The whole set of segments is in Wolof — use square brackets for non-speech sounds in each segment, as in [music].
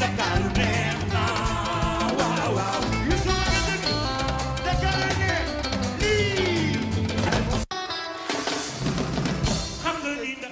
Dakar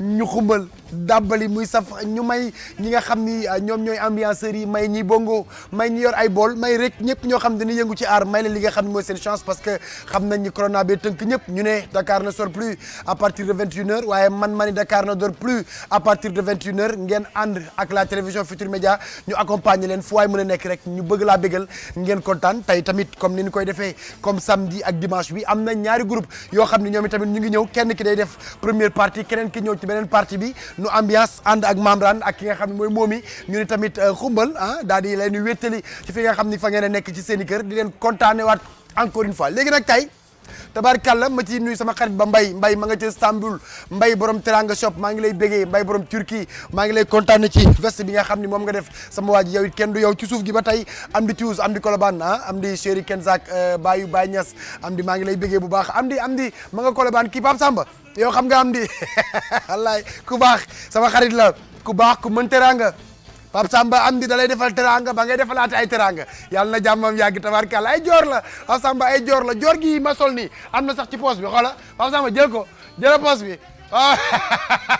ñu xumbal dàbbali muy saf ñu may ñi nga xam ni ah, ñoom ñooy ambianceurs yi may ñi bongo may ñi yor ay bool may rek ñëpp ñoo xam dañuy yëngu ci aar may xam ni seen chance parce que xam nañ ni corona bee tënk ñëpp ñu ne Dakar ne sort plus à partir de 21h waaye man ma ni Dakar ne dort plus à partir de 21h ngeen ànd ak la télévision Futur Média ñu accompagner leen fu waay mën a nekk rek ñu bëgg laa bégal ngeen kontaan tey tamit comme ni ñu koy defee comme samedi ak dimanche bi am na ñaari groupe yoo xam ni ñoom itamit ñu ngi ñëw kenn ki day def première partie keneen ki ñëw beneen partie bi nu ambiance ànd ak Mamran ak ki nga xam ne mooy moom ñu ni tamit euh, xumbal ah daal di leen wéttali ci fi nga xam ni fa ngeen a nekk ci seen i kër di leen kontaane waat encore une fois léegi nag tey tabaarkàlla ma ci nuyu sama xarit ba mbay mbay ma nga ca Istanbul mbay borom teranga shop maa ngi lay bégee mbay borom Turquie maa ngi lay kontaane ci vest bi nga xam ne moom nga def sama waa ji kenn du yow ci suuf gi ba tey am di tuus am di Colobane ah am di chéri Kenzaak euh, Bayou Baye Niass am di maa ngi lay bégee bu baax am di am di ma nga Colobane kii Samba yow xam nga am di [laughs] wallaay ku baax sama xarit la ku baax ku mën teraanga Pape Samba am dalay da lay defal teranga ba ngay defalaate ay teranga yàlla na jàmmam yàgg tabarkàlla ay joor la Pape Samba ay joor la joor gi masol sol nii am na sax ci poos bi xoola Pape Samba jël ko jël poos bi waaw ah,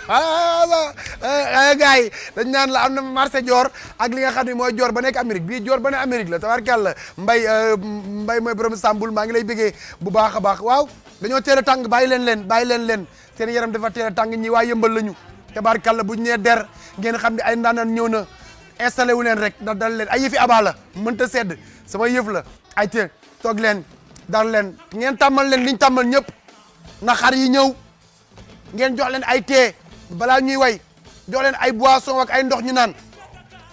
[laughs] ah, ah, yi dañ naan la am na marché joor ak li nga xam ne mooy joor ba nekk Amérique bii joor ba ne Amérique la tabarkàlla mbay euh, mbay mooy borom Sambul maa ngi lay bëggee bu baax a baax waaw dañoo teel a tàng bàyyi leen leen bàyyi leen leen seen yaram dafa teel a tàng ñi waa yëmbal lañu tabarkàlla bu ñu nee der ngeen xam ne ay ndaanaan ñëw na installé wu leen rek ndax dal leen ay yëfi abaa la mënta sedd sama yëf la ay te toog leen dal leen ngeen tàmmal leen liñ tàmmal ñëpp na xar yi ñëw ngeen jox leen ay tee balaa ñuy way jox leen ay boisson ak ay ndox ñu naan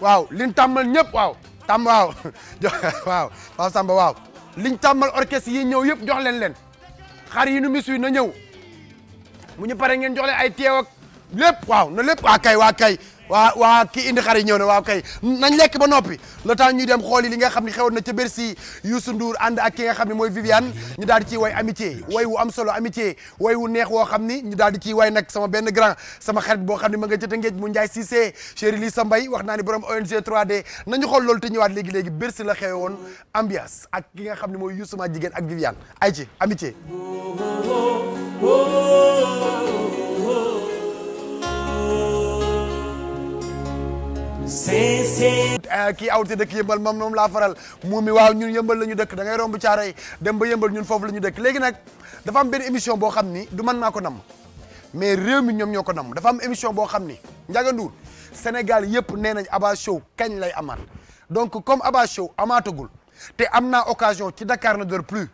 waaw liñ tàmmal ñëpp waaw tàmm waaw [laughs] waaw waaw Samba waaw yi ñëw yëpp jox leen leen xar yi nu mis na ñëw mu ñu pare ngeen jox leen ay teew ak lépp waaw na lépp waa kay waa kay waa waa ki indi xar yi ñëw na waaw kay nañ lekk ba noppi le temps ñuy dem xooli li nga xam ne xewoon na ca Bercy Youssou Ndour ànd ak ki nga xam ne mooy Viviane ñu daal di ciy way amitié way wu am solo amitié way wu neex woo xam ni ñu daal di ciy nag sama benn grand sama xarit boo xam ne ma nga jëta ngeej mu Ndiaye Cissé chéri li sa mbay wax naa ni borom ONG 3D nañu xool loolu te ñëwaat léegi-léegi Bercy la xewe woon ambiance ak ki nga xam ne mooy Youssou ma jigéen ak Viviane ay ci amitié Eh, kii awti dëkk yëmbal moom moom laa faral moom mi waaw ñun yëmbal la ñu dëkk da ngay romb caaray dem ba yëmbal ñun foofu lañu ñu dëkk léegi nag dafa am benn émission boo xam ni du man naa ko nam mais réew mi ñoom ñoo ko nam dafa am émission boo xam ni Ndiaga Ndour Sénégal yëpp nee nañ Abba Show kañ lay amaat donc comme Abba Show amaatagul te am naa occasion ci Dakar ne dort plus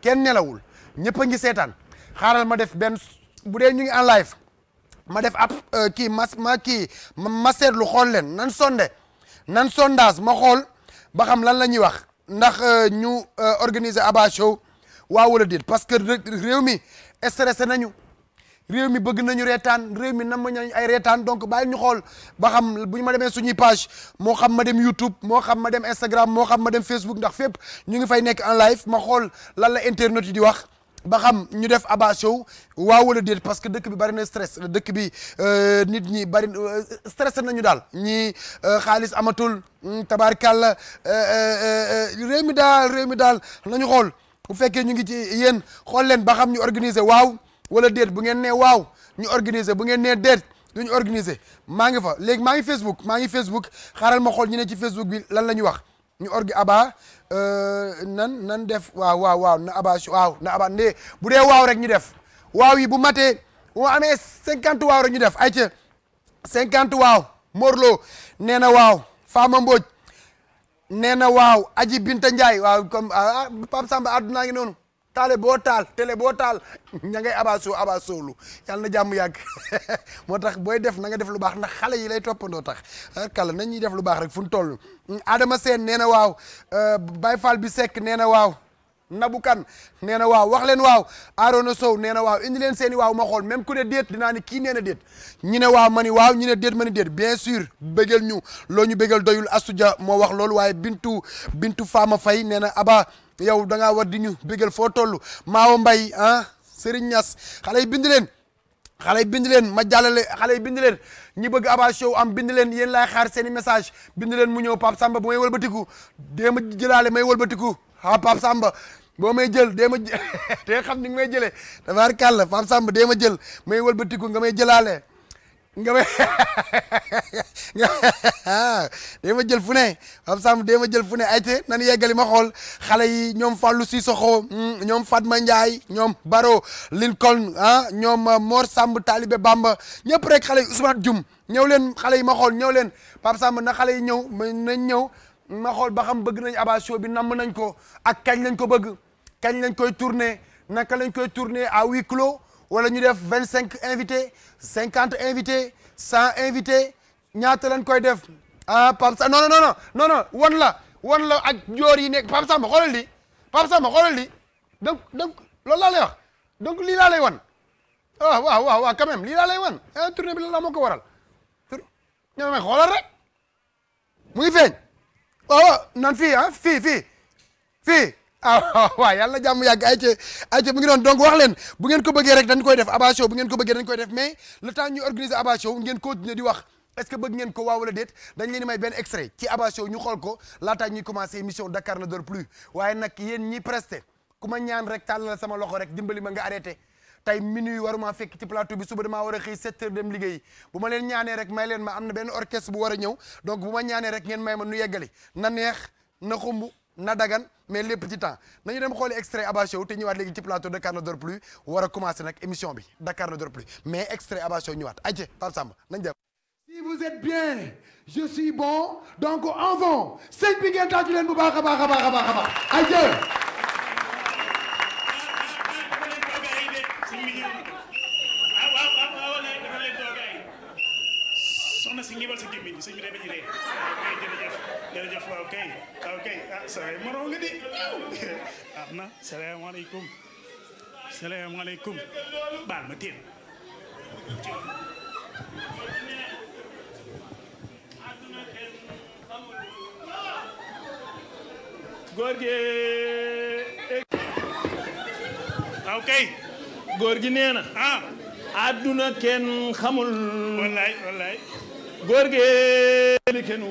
kenn nelawul ñëpp a ngi seetaan xaaral ma def benn bu dee ñu ngi en live ma def ab euh, kii mas ma kii ma seetlu xool leen nan sonde nan sondage ma xool ba xam lan la ñuy wax ndax euh, ñu euh, organiser Abba Show waaw wala déet parce que réew mi stressé nañu réew mi bëgg nañu reetaan réew mi na nam nañu ay reetaan donc bàyyi ñu xool ba xam bu ñu ma demee suñuy page moo xam ma dem YouTube moo xam ma dem Instagram moo xam ma dem Facebook ndax fépp ñu ngi fay nekk en live ma xool lan la internet yi di wax ba xam ñu def abatio waaw wala déet parce que dëkk bi bari na stress dëkk bi euh, nit ñi bari euh, stress nañu daal ñi euh, xaalis amatul mm, tabaarkàlla réew mi daal réew mi daal nañu xool bu fekkee ñu ngi ci yéen xool leen ba xam ñu organiser waaw wala déet bu ngeen ne waaw ñu organiser bu ngeen nee déet duñu organiser maa ngi fa léegi maa ngi Facebook maa ngi Facebook xaaral ma xool ñu ne ci Facebook bi lan la ñu wax ñu orgi aba euh, nan nan def waaw waaw waaw na aba ndee bu dee waaw rek ñu def waaw yi bu matee bu amee cinquante waaw rek ñu def ay ca cinquante waaw Morlo nee na waaw Fama Mbodj nee na waaw Aji Binta Ndiaye waaw comme ah, ah, Pape Samba àdduna ngi noonu taale boo taal télé boo taal [laughs] ña ngay abasoo abasoolu yàlla na jàmm yàgg [laughs] moo tax booy def na nga def lu baax ndax xale yi lay toppandoo tax ah, kala nañ ñuy def lu baax rek fu ñu toll mm, Adama Seen nee na waaw ah, Baye Fall bi Seck nee na waaw Nabou Kan nee na waaw wax leen waaw Arona Sow nee na waaw indi leen seeni waaw ma xool même ku ne déet dinaa ni kii nee na déet ñi ne waaw ma ni waaw ñi ne déet ma ni déet bien suur bégal ñu loo ñu bégal doyul Astudia moo wax loolu waaye Bintu Bintu Fama fay nee na Aba yow da war di ñu bégal foo toll Maawo Mbay ah Serigne Niass xale yi bind leen xale yi bind leen ma jàllale xale yi bind leen ñi bëgg Abba Show am bind leen yéen laay xaar seen message bind leen mu ñëw Pape Samba bu may wëlbatiku dee ma jëlaale may wëlbatiku ah Pape Samba boo may jël dee ma jë te [laughs] xam ni nga may jëlee tabaarkàlla Pape Samba dee ma jël may wëlbatiku nga may jëlaale. nga may [laughs] dee ma jël fu ne Pape Samb dee ma jël fu ne ay te nan yeggali ma xool xale yi ñoom Fallou Cissokho mm, ñoom Fatma Ndiaye ñoom Baro Lincoln ah ñoom uh, Mor Samb Talibé Bamba ñëpp rek xale yi Ousmane ñëw leen xale yi ma xool ñëw leen Pape Samb na xale yi ñëw na ñëw ma xool ba xam bëgg nañ Abba Show bi namm nañ ko ak kañ lañ ko bëgg kañ lañ koy tourner naka lañ koy tourner à huis clos wala ñu def vingt cinq invité cinquante invité cent invité ñaata lañ koy def ah Pape Samba non wan la wan la ak joor yi nekk Pape Samba xoolal li Pape Samba xoolal li donc donc loolu laa lay wax donc lii laa lay wan ah waaw waaw waaw quand même lii laa lay ah, bi la la moo ko waral tur ñoo may xoolal rek mu ngi feeñ oh, oh nan fii ah fii ah [laughs] waaw yàlla na jàmm yàgg ayca mu ngi doon donc wax leen bu ngeen ko bëggee rek dañ koy def Abba Show bu ngeen ko bëggee dañ koy def mais le temps ñuy organiser Abba Show ngeen continuer di wax est-ce que bëgg ngeen ko waaw wala déet dañ leen may benn extrait ci Abba ñu xool ko laataa ñuy commencer émission Dakar ne dort plus waaye nag yéen ñi presté ku ñaan rek tàllal sama loxo rek dimbali ma nga arrêté tey minuit waruma fekk ci plateau bi suba a xëy 7 heures dem liggéeyi bu ma leen ñaanee rek may leen na benn orchestre bu a na dagan mais lépp ci temps nañu dem xooli extrait Abba Show te ñëwaat léegi ci plateau Dakar ne dort plus war a commencé nag émission bi Dakar ne dort plus mais extrait Abba Show ñëwaat ajje Pape Samba nañ dem si vous êtes bien je suis bon donc avant sëñ bi ngeen tàccu leen bu baax a baax a a a saway mënoo nga di baax na salaamaaleykum baal ma téen góor gi eh. waaw kay góor gi nee na ah àdduna kenn xamul wallaay wallaay góor gi li kenn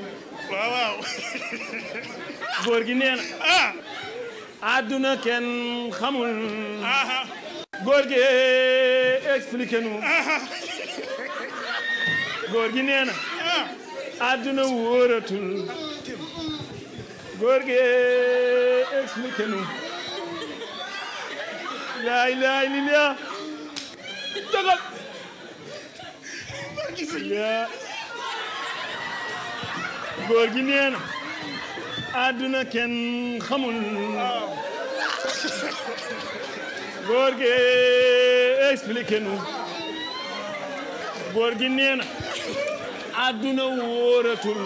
waaw [laughs] góor gi nee na ah àdduna kenn xamul góor gi eh, expliqué nu góor gi nee na ah. àdduna wóoratul àdduna kenn xamul góor gi expliqué nu góor gi nee na àdduna wóoratul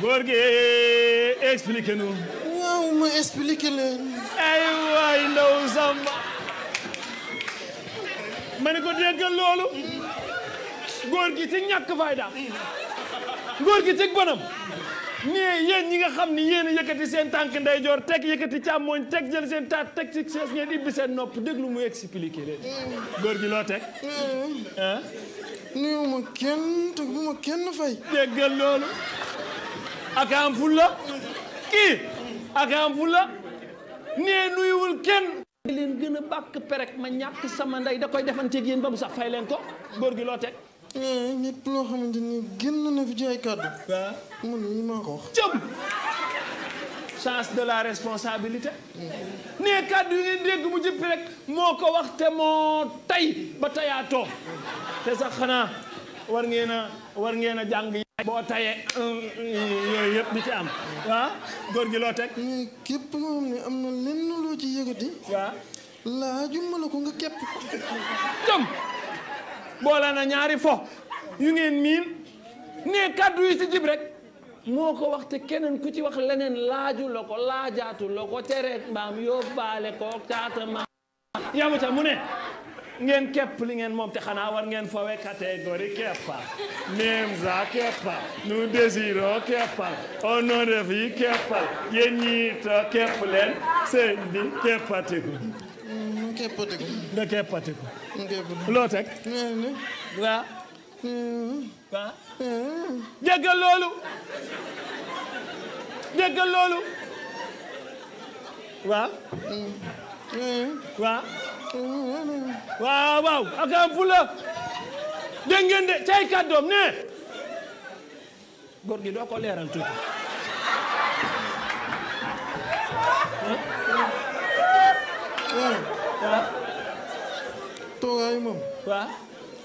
góor nu waaw ma expliqué leen ay samba ma ne ko déggal loolu góor gi fayda góor gi cëg bonam nee yéen ñi nga xam ni yéen a yëkkati seen tànk ndeyjoor teg yëkkati càmmooñ teg jël seen taat teg ci sees ngeen ibbi seen nopp déglu mu expliqué leen mm. góor gi loo teg ah néew ma kenn te bu ma kenn fay déggal leen gën a bàkk perek ma ñàkk sama ndey da koy defanteeg yéen ba mu sax fay leen ko góor gi loo teg Eh, nit loo xamante ni génn na fi ci kàddu. waaw man mii maa ko wax. jëm chance de la responsabilité. Mm-hmm. nee kàddu yi ngeen dégg mu jëpp rek moo ko wax te moo tay ba tayaatoo te sax xanaa war ngeen a war ngeen a jàng boo tayee euh, euh, yooyu yëpp di ci am. waaw ah, góor gi loo teg. mais képp loo xam ne am na lenn loo ci yëkkati. waaw ah. laaju ma la ko nga képp. jëm. boola na ñaari fo yu ngeen miin ne kàddu yi ci jib rek moo ko wax te keneen ku ci wax leneen laaju la ko laajaatu la ko tereet mbaam yóbbaale ko taata maam yamu ca mu ne ngeen kepp li ngeen moom te xanaa war ngeen fowe catégorie keppa Nemza keppal nous désirons keppal au nom de yi keppal yéen ñi to kepp leen seen bi keppatiku nke potiku ndeke potiku loo teg waa loolu jéggal loolu waa waa waaw waaw ak am fula dégg ngeen de gi doo ko leeral waaw. toogaay moom. waaw.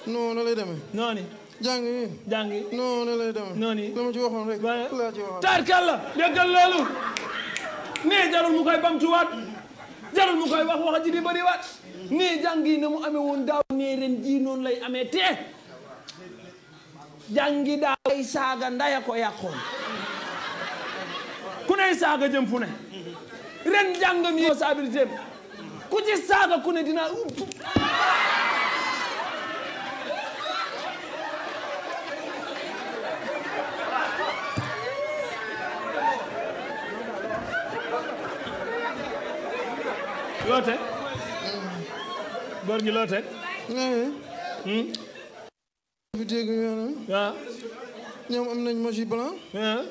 non na lay demee. noonu. jàng yi. jàng yi. non na la ma ci nee jarul mu koy bamtuwaat. jarul mu koy wax wax ji di bëriwaat. nee jàng na mu amee daaw. nee ren jii noonu lay amee te. jàngi daaw ay saaga ndaya ko yàqoon. ku ne saaga jëm fu ne. ren jàngam yi responsabilité ku ci saaga ku ne dinaa loo teg góor gi loo eh. hmm? teg. Ah. ñoom am nañ mochi blanc. Ah.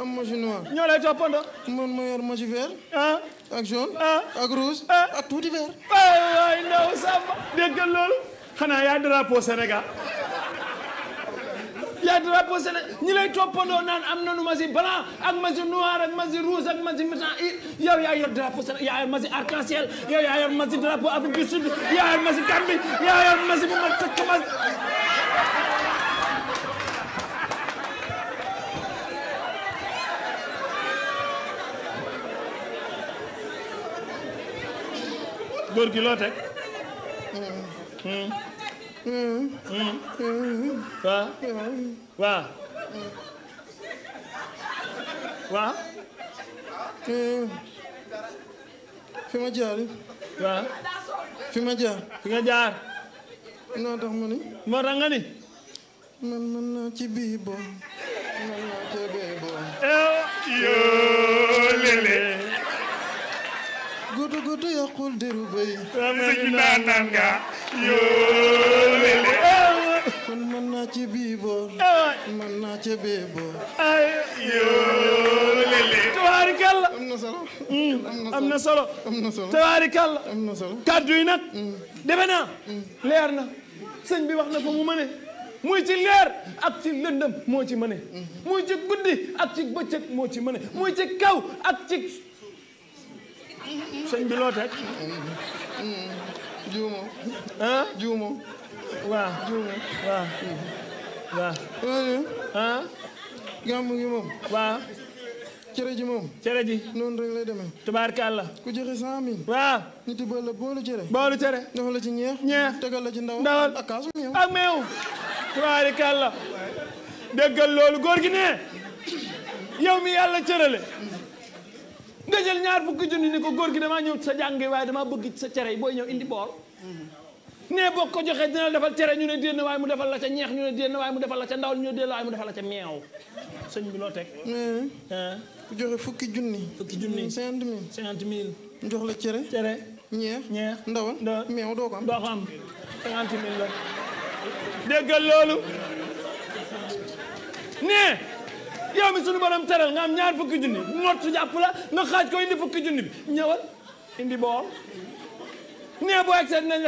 am mosu noir. ñoo lay toppandoo. man ma yor mosu vert. ah ak jaune. ah ak rouge. Ah. ak tuuti vert. waay ndaw Samba. déggal loolu. xanaa yaa drapeau Sénégal. yaa drapeau Sénégal ñi lay toppandoo naan am nanu masi blanc ak masi noir ak masi rouge ak masi métan yow yaa yor drapeau Sénégal yaa yor masi arc en ciel yow yaa yor masi drapeau Afrique du Sud yaa yor masi Gambie yaa yor masi bu mat sëkk masi góor gi loo teg. waaw waaw waaw. fi ma jaar. waaw. fi ma jaar. fi nga jaar. noo tax ma ni. moo tax nga man man naa ci bii man naa ci bii boo. yoo léeg gudu gudu yoo wele kon mën naa ci bii mën naa ci bee am na solo hmm. am na solo am na solo tabaarikàlla kàddu yi nag hmm. defe naa hmm. leer na sëñ bi wax na fa mu mëne muy ci leer ak ci lëndëm moo ci mëne muy ci guddi ak ci bëccëg moo ci mëne muy ci kaw ak ci sëñ bi loo teg. juumoo. ah juumoo. waaw juumoo. waaw. waaw. loolu. ah. gàmmu gi moom. waaw. cere ji moom. cere ji. noonu rek lay demee. tubaarkàlla. ku joxe cent mille. waaw. ñu tibbal la boolu cere. boolu cere. defal la ci ñeex. ñeex tegal la ci ndaw. ndawal ak kaasu meew. ak meew. tubaarkàlla. déggal loolu góor gi ne. yow mi yàlla cërale. nga jël ñaar fukki junni ni ko góor gi damaa ñëw sa jànge waaye damaa bëgg sa cere yi booy ñëw indi bool nee boo ko joxee dina la defal cere ñu ne déet na waaye mu defal la ca ñeex ñu ne déet na waaye mu defal la ca ndawal ñu ne déet la ca meew sëñ bi loo teg ku joxe fukki junni fukki junni cinquante mille cinquante mille jox la cere cere ñeex ñeex ndawal meew doo ko am la déggal loolu nee yow mi sunu borom teral nga ñaar fukki junni mott jàpp la nga xaaj ko indi fukki junni bi ñëwal indi bool nee boo eggsee dinañ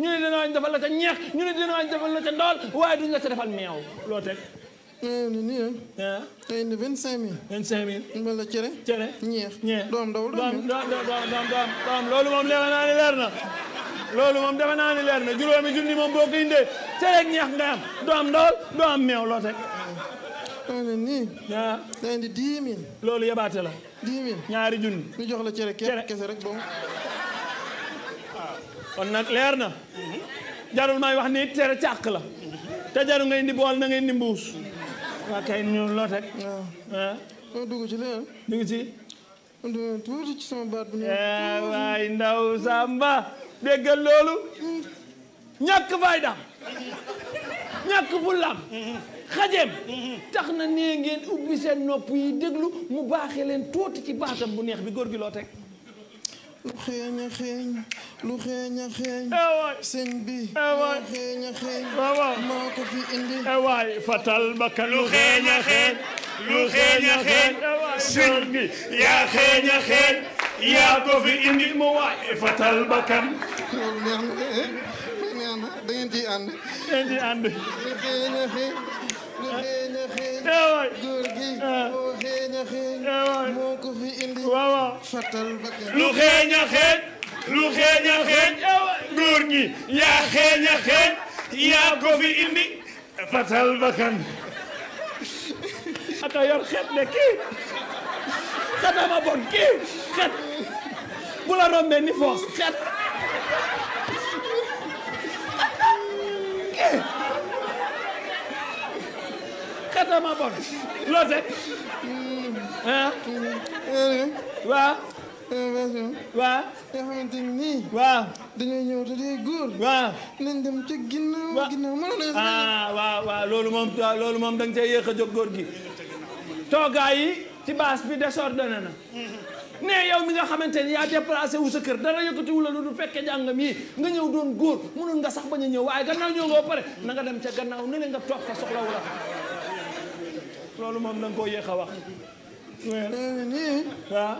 ñu ne dinañ defal la ca ñeex ñu ne dinañ la ca ndool la ca defal meew loo teg eh, ni nii ah. Eh, tey indi vingt cinq mille. vingt cinq mille. mbala cere. cere ñeex. moom defe naa ni leer na. loolu moom defe na juróomi junni moom boo cere ñeex nga doom dawul doom meew loo ana ñaa day indi dix loolu yabaate la dix ñaari junni ñu jox la cere kepp kese rek bon waaw ah. kon nag leer na jarul may wax ni cere càq la te jarul ngay indi bool na ngay indi mbuus waa kay ñu loo teg waaw ci ah. leen dugg ci eh, ndaw Samba déggal loolu hmm. ñàkk fayda ñàkk fulam xajeem tax na nee ngeen ubbi seen nopp yi déglu mu baaxee leen tooti ci baatam bu neex bi góor gi loo teg lu xeeñ a xeeñ lu xeeñ a xeeñ eh sëñ bi eh lu xeeñ a xeeñ maa eh ko fi indi waay fatal baka lu xeeñ a xeeñ lu xeeñ a xeeñ yaa ko fi indi mu waay fatal bakkan da ngeen ciy ànd lu xeeñ a xeeñ lu xeeñ a xeeñ góor gi xeeñ a xeeñ yaa ko fi indi fatal bakkan ata yor xet ne kii xetama bon kii xet bu la rombee ni foos xet kii daa maa loo teg ah ni waaw dañoo ñëw te dee góor waaw nañ dem ca ginnaaw ginnaaw mën na ah waaw waaw loolu moom loolu moom da nga cay yéex a jóg góor gi toogaay yi ci baas bi désordonné na ne yow mi nga xamante ni yaa déplacé wu sa kër dara yëkkati wu la lu du fekke jàngam yi nga ñëw doon góor mënoon nga sax ba a ñëw waaye gannaaw ñëw nga ba pare na nga dem ca gannaaw ne nga toog fa soxla wu la loolu moom da koo yéex a wax. nee nii. waaw.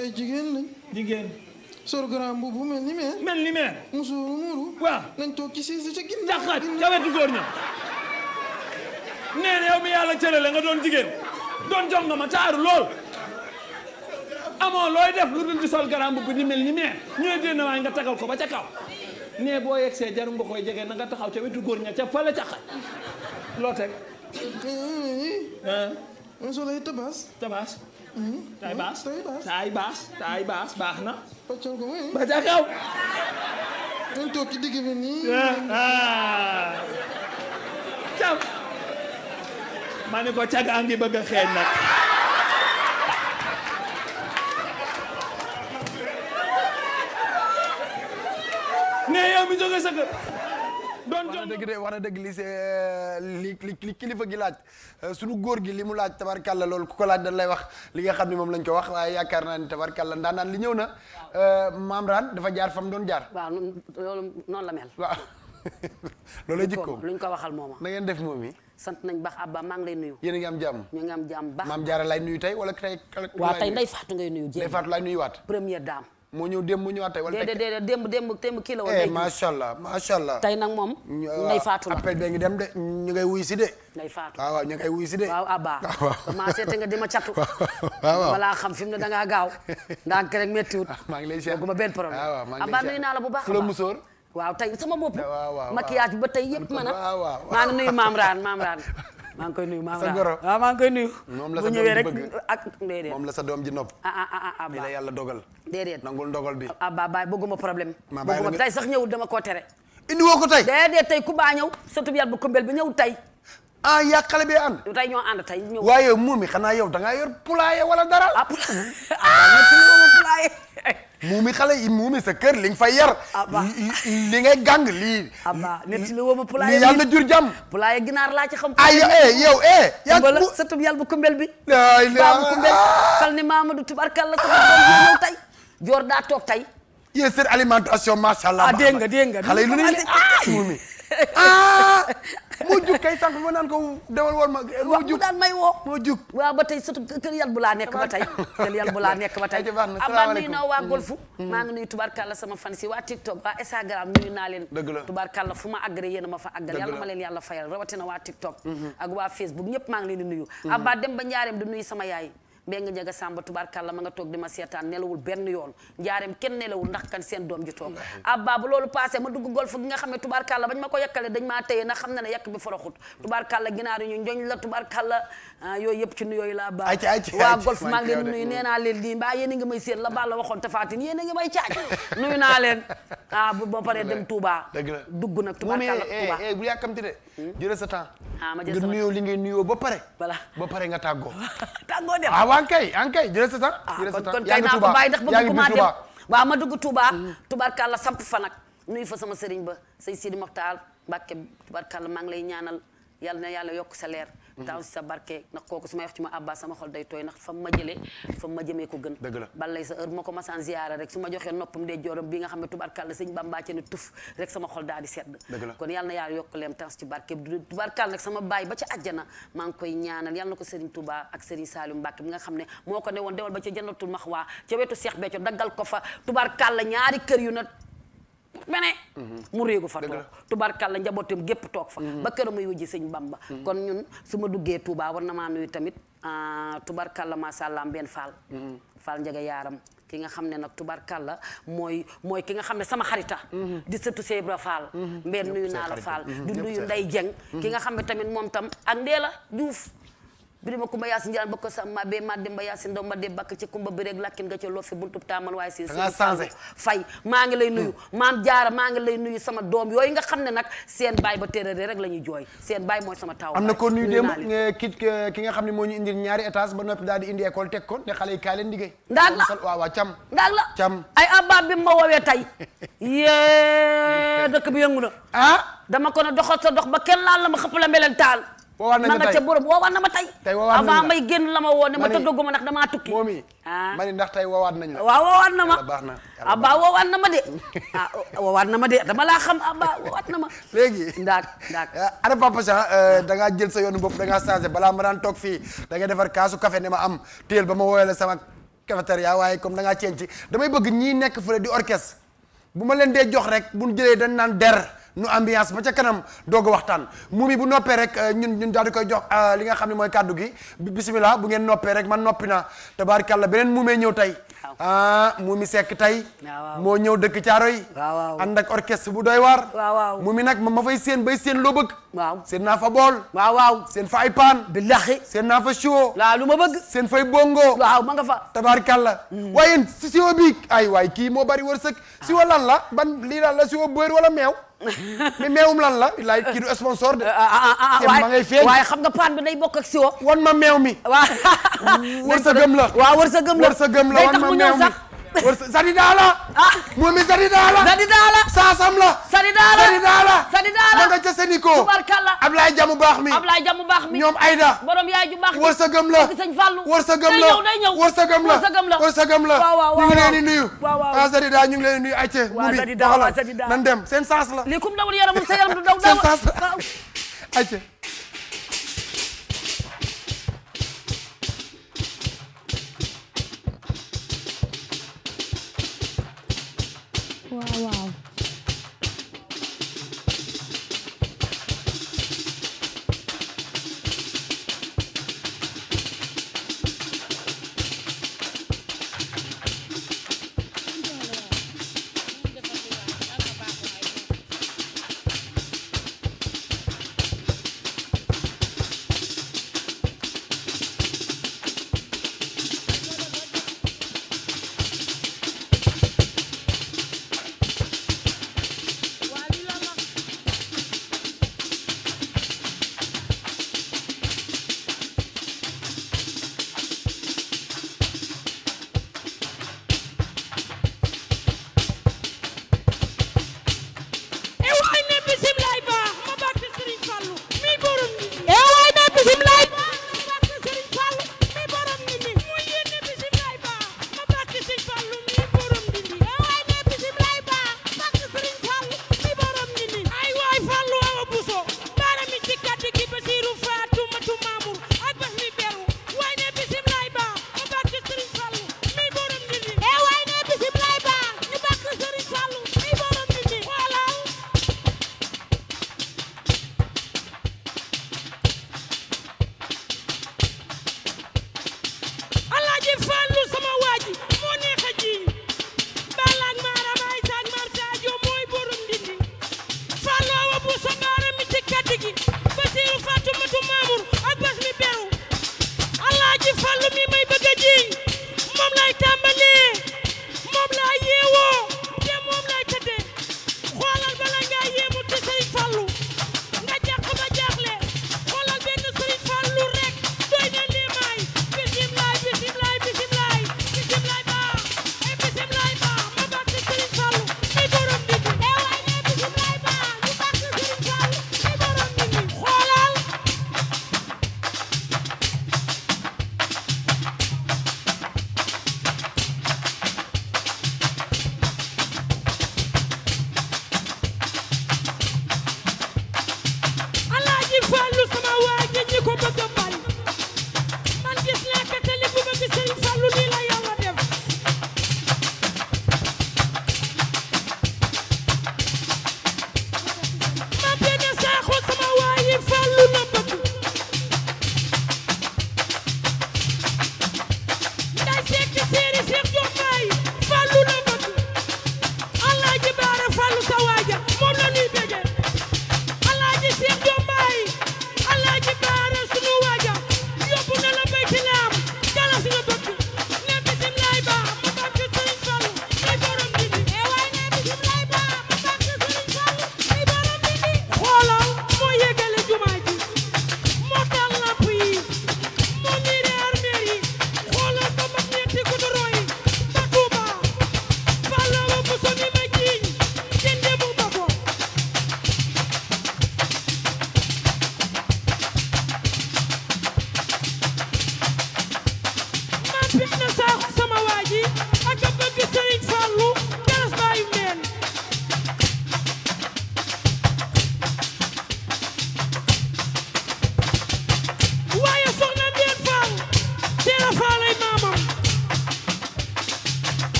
ay jigéen lañ. jigéen. sor grand boobu mel ni meer. mel ni meer. musu muuru. waaw nañ toog ci si si ca ginnaaw. jaxaat ca wetu góor ña. nee na yow mi yàlla cërale nga doon jigéen. doon nga ma taaru lool. amoo looy def lu dul di sol grand bu di mel ni meer. ñooy dee na waaye nga tagal ko ba ca kaw. nee boo yegsee jarum nga koy jege na nga taxaw ca wetu góor ña ca fële ca xaj. loo teg. un soleil tabaas. tabaas. taay baas taay baas taay baas baax na. pàccal ko mooy. ba ca kaw. nañ toog ci digg bi nii. cam. ma ne ko cagaa ngi bëgg a xeeñ nag. ne yow mi jóge sa kër. doon jox dëgg de wax na dëgg li c'est euh, li li kilifa gi laaj euh, sunu góor gi li mu laaj tabarkàlla loolu ku ko laaj dañ lay wax li nga xam ne moom lañ ko wax waaye yaakaar naa ni tabarkàlla ndaanaan li ñëw na euh, maam dafa jaar fam doon jaar waaw loolu noonu la mel waaw [laughs] loolay jikkoom luñ ko waxal mooma ah. na ngeen def moom yi sant nañ baax Abba maa ngi lay nuyu yéen a ngi am jàmm ñu ngi am jàmm baax maam jaara lay nuyu tey wala tey waa tey nday faatu ngay nuyu jéem nday faatu lay nuyu waat moo ñëw dem mu ñëwaat tey wala. déedéet déedéet démb démb démb kii la woon. eh macha allah macha allah. tey nag moom. ndey ah, faatu la appel bee dem de ñu ngay wuy si de. ndey faatu waaw waaw ñu ngay wuy si de. waaw abba [laughs] maa seete nga di a catu. [laughs] waaw waaw balaa xam fi ne da ngaa gaaw. ndànk rek méttiwut. [laughs] maa ngi lay seet ma benn problème. Ah, waaw maa ngi lay seet abba nuyu naa la sama bopp. Ah, waaw waaw waaw ba tey yëpp mën a. waaw nuyu maam raan maam raan maa ngi koy nuyu maa maa ngi koy nuyu. bu ñëwee rek ak déedéet moom la sa doom ji nopp. ah ah ah, ah la yàlla dogal. déedéet nangul dogal bi. Abba ah, baay bëgguma problème. maa bëgguma tey sax ñëwul dama koo tere. indi woo ko tey. déedéet tey ku baa ñëw surtout yar bu kumbel bi ñëw tey. ah yaa xale bi ànd. tey ñoo ànd tey ñëw. waaye muumi xanaa yow da ngaa yor poulailler wala dara. a ah, poulailler. [laughs] muumi xale yi muumi sa kër li nga fay yar. li ngay gàng lii. abaa nit li woo ma pulaay yi yàlla jur jàmm. pulaay ginaar laa ci xam. ay yow eh. eh yaa ngi ku sëtub yàlla bu kumbel bi. ay la baabu kumbel. sal ni Mamadou tubarkalla sama doom bi ñëw tey. joor daa toog tey. yéen seen alimentation macha allah. ah dégg nga dégg nga xale yi ah moo jug kay sànq ma naan ko dewal woon ma. moo jug daan may woo. moo jug waaw ba tey surtout kër yal bu laa nekk ba tey. kër yal bu nekk ba tey. am nuyu naa waa golfu. Mm-hmm. maa ngi nuyu tubaarkàlla sama fan si waa TikTok waa Instagram nuyu naa leen. dëgg la tubaarkàlla fu ma agréé yéen a ma fa aggal yàlla ma leen yàlla fayal rawatina waa TikTok. Mm-hmm. waa Facebook ñëpp maa ngi leen di nuyu. Mm-hmm. abaa dem ba njaareem di nuyu sama yaay Mbengue Ndiaga Samba tubaarkàlla ma nga toog di ma seetaan nelawul benn yoon njaareem kenn nelawul ndax kan seen doom ji toog abba bu loolu passé ma dugg golf gi nga xam ne tubaarkàlla bañ ma ko yakkale dañ maa téye ndax ginaar yi ñu njoñ la tubaarkàlla ah, yooyu yëpp ci nuyooyu la abba waa golf maa ngi leen nuyu nee naa a ngi may séen la baa a [laughs] ah, bu ba paree dem Touba dugg nag tubaarkàlla eh, Touba eh, bu yàkkamti de hmm? jël sa temps ah, nga nuyoo ba pare ba pare nga tàggoo [laughs] tàggoo dem ankay ankay jëlee sa temps. Ah, jëlee sa temps yaa ngi Touba yaa ngi biir Touba waaw ma dugg Touba. tubarkalla samp fa nag nuyu fa sama sëriñ ba say Sidi Mokhtar Mbacke tubarkalla maa mang lay ñaanal yàlla na yàlla yokk sa leer taaw mhm. sa barke ndax kooku su may wax ci ma abbas sama xol day tooy ndax fa ma jëlee fa ma jëmee ko gën balay sa heure bu ma ko masaan ziyaara rek su ma joxee noppam dee joorom bi nga xam ne tubarkàlla sëñ bambacce ne tuf rek sama xol daal di na yàlla ngi koy ñaanal yàlla na ko Serigne Touba ak Serigne Saliou Mbacke bi nga xam ne moo ko ne woon dewal ba ca jannatul maxwaa ca wetu Cheikh Béthio daggal ko fa tubarkàlla ñaari kër yu na mene mu réegu fa toog tubarkalla njabootam gépp toog fa ba kër muy wujji sëñ Bamba mm. kon ñun su ma duggee Touba war na maa nuyu tamit ah, tubarkalla masàllaa mbenn Fall mm. Fall njaga yaaram ki nga xam ne nag la mooy mooy ki nga xam ne sama xarita mm -hmm. di sëtu Seybra Fall -hmm. mbenn nuyu naa la Fall -hmm. di nuyu Ndey Jeng ki nga xam ne tamit moom tam ak Ndéela Juuf birima kumba yaasin njaar ba ko sama be ma demba yaasin ndaw ma de bakk ci kumba bi rek lakkin nga ci loofi buntub taamal waaye si fay maa ngi lay nuyu hmm. maam jaara maa ngi lay nuyu sama doom yooyu nga xam ne seen baay ba téerére rek la jooy seen baay mooy sama taw am na ko nuyu démb eh, ki ki nga xam ne moo ñu indil ñaari étage ba noppi daal di indi teg ko ne xale yi kaay leen ndaag la ay abba bi ma woowee tey yee dëkk bi yëngu ah dama ko ne doxal dox ba kenn laal la ma xëpp la taal woowaat nañu tey ma nga ca borom woowaat na ma tey. tey woowaat nañu la avant may génn la ma woo ne ma tëddaguma ndax tukki. moom yi ah. ndax tey woowaat nañu la. waaw woowaat na ma baax na abba woowaat na ma de. Ah, na ma de dama laa xam abba woowaat na ma. [laughs] léegi ndaak ndaak. Eh, ana papa Jean eh, da ngaa jël sa yoonu bopp da ngaa changé balaa ma daan toog fii da ngay defar kaasu café ne ma am téel ba ma woowee la sama cafétéria waaye comme danga ngaa ceeñ ci damay bëgg ñii nekk fële di orchestre bu ma leen dee jox rek bu jëlee dañ naan der nu ambiance ba ca kanam doog waxtaan mu yi bu noppee rek euh, ñun ñun daal di koy jox euh, li nga xam ne mooy kàddu gi bisimilah bu ngeen noppee rek man noppi naa tabaarkàlla beneen muumee ñëw tey ah Momy Seck tey moo ñëw dëkk caaro yi ànd ak orchestre bu doy waar waaw Momy nag ma ma fay seen bay seen loo bëgg waaw seen naa fa bool waaw waaw seen fa ay paan billahi seen naa fa siwo laa ma bëgg seen fay bongo waaw ma nga fa tabaarkàlla hmm. waaye si siwo bi ay waay kii moo bari wërsëg siwo lan la ban lii lan la siwo bëer wala meew [laughs] mais meewum lan la laay kii du sponsor de. Ah, ah, ah, ma ngay feeñ waaye xam nga paan bi day bokk siwo. wan ma meew mi. [laughs] waaw wërsëgëm la. waaw wërsëgëm la ñëw sax Sadida la. [laughs] ah moom it Sadida la. Sadida la Saasam la. Sadida la Sadida la. Sadida la ma nga ca Sénico. tubarkalla Ablaye Jamu baax mi. Ablaye Jamu baax mi ñoom Aida. borom yaay ju baax mi wërsëgam la. ak sëñ Fallou wërsëgam la day ñëw wërsëgam la wërsëgam la. waaw waaw waaw ñu ngi leen di nuyu. waaw waaw ah Sadida ñu ngi leen di nuyu ayca. waaw Sadida waaw Sadida mu bi nan dem seen saas la. lii kum dawul yaramul sa yaram du daw dawul seen saas la ayca.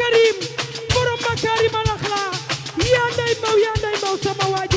karim borom makaarimal axlaa yaa nday mbaw yaa nday mbaw sama waaj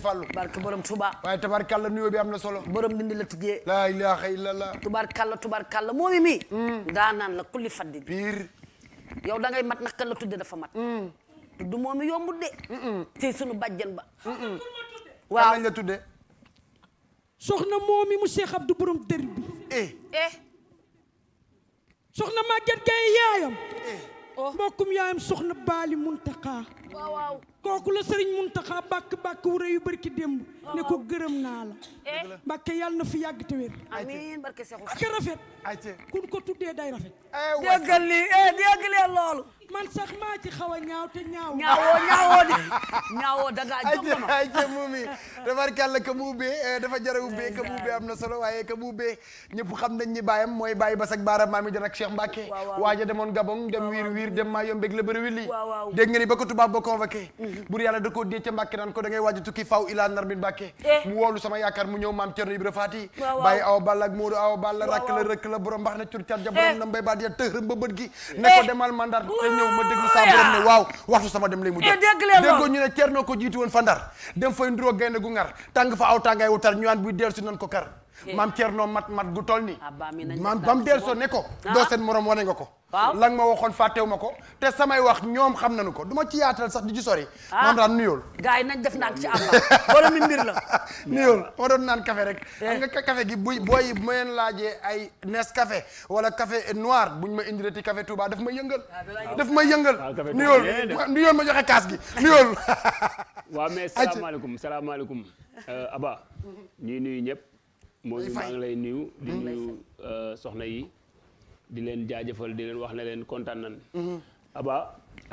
sëñ Fallou barke borom Touba waaye tabarkalla nuyoo am solo borom dindi la tijjee laa ilaha illallah moomi mi mm. daa naan la kulli faddi pire yow da mat naka la tudde dafa mat mm. tudd moomi yombul de tey sunu bàjjen ba soxna moomi mu Cheikh Abdou borom dër bi eh. Eh. soxna Maguette Gaye yaayam eh. oh. mbokkum yaayam soxna Baali Muntaqa waaw kooku la sëriñ Muntaxa bàkk bàkk wu rëy yu bari ki démb ne ko gërëm naa la eh. mbàkke yàlla na fi yàgg te wér amiin barke Seexu rafet kun ko tuddee day rafet eh, déggal eh, loolu man sax maa ci xaw a ñaaw te ñaaw. ñaawoo ñaawoo de ñaawoo da ngaa jóg ma ay jë mu mi tabarkàlla ka mu eh, am na solo waaye ka mu ubbee ñëpp xam nañ ñi bàyyam mooy bàyyi basak baara maami jon ak Cheikh Mbacke waaja demoon Gabon dem wiir wiir dem maa yombéeg la bëri willi ba ko tubaab ba convoqué mhm. bur yàlla da koo dee ca Mbacke naan ko da ngay waaja tukki faw ilaa narbin Mbacke eh. mu woolu sama yaakaar mu ñëw maam Thierno Ibra Faati bàyyi aw ball ak rakk la rëkk la boro mbax na cur cat ja eh. na mbay baat ya tëxërëm ba bët gi ne ko demal mandat ñëw ma déglu oh, saa borom ne waaw waxtu dem léegi mu jot eh, déggoo ñu ne Thierno ko jiitu woon fa Ndar dem fay nduróo gaynde gu ngar tàng fa aw tàngaay wu tar ñu aan buy dellu si nan ko kar maam Thierno mat mat gu toll nii. maam ba mu dellu soo ne ko. Ah? doo seen morom wane nga ko. waaw la nga ma waxoon fàttewu ma ko te samay wax ñoom xam na nañu ko du ma ci yaatal sax di ci sori. Ah. maam daan nuyool. gars yi nañ def ndànk ci am wala mi mbir la. [laughs] nuyool ma doon naan café rek. Eh. nga café gi buy booy bu ma laajee ay kafe wala café noir ñu ma indi indile ci kafe Touba daf ma yëngal. Ah, daf ma yëngal nuyool nuyool ma joxe kaas gi [laughs] nuyool. waa mais [laughs] salaamaaleykum salaamaaleykum euh, Aba mm-hmm. ñuy nuyu ñëpp. moom maa ngi lay nuyu di euh, soxna yi di leen jaajëfal di leen wax ne leen kontaan nan mm-hmm. aba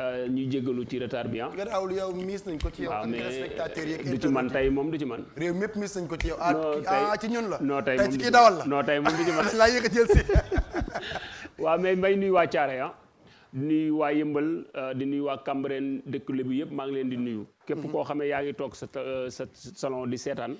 euh, ñu jégalu ci retard bi ah. gannaaw yow miis nañ ko ci yow. Ah, du ci man tey moom du ci man. réew mépp miis nañ ko ci yow. ah, ah ci ñun la. la. non moom du ci [laughs] laa yëg [laughs] mais mbay nuyu waa Thiaré ah. di Yëmbal euh, di nuyu waa Cambérène dëkk bi yëpp maa ngi leen di nuyu. Mm-hmm. képp koo xamee yaa ngi toog sa sa salon di seetaan.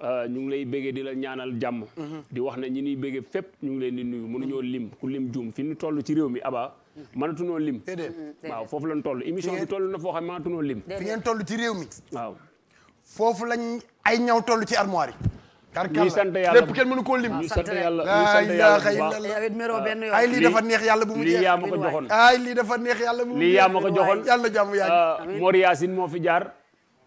Euh, ñu ngi lay béggee di la ñaanal jàmm mhm. di wax na ñi nuy béggee fépp ñu ngi leen di nuyu mënuñoo lim ku lim juum fi ñu toll ci réew mi aba mhm. mënatunoo lim mhm. waaw foofu lañ toll émission bi toll na foo xam mënatunoo lim fi ngeen toll ci réew mi waaw foofu lañ ay ñaw toll ci armoire yi ñu sant yàlla lépp kenn mënu koo lim ñuy sant yàlla ay lii dafa neex yàlla bu mu jeex ma ko joxoon ay lii dafa neex yàlla bu mu lii ko joxoon yàlla jàmm yaa euh, Mor moo fi jaar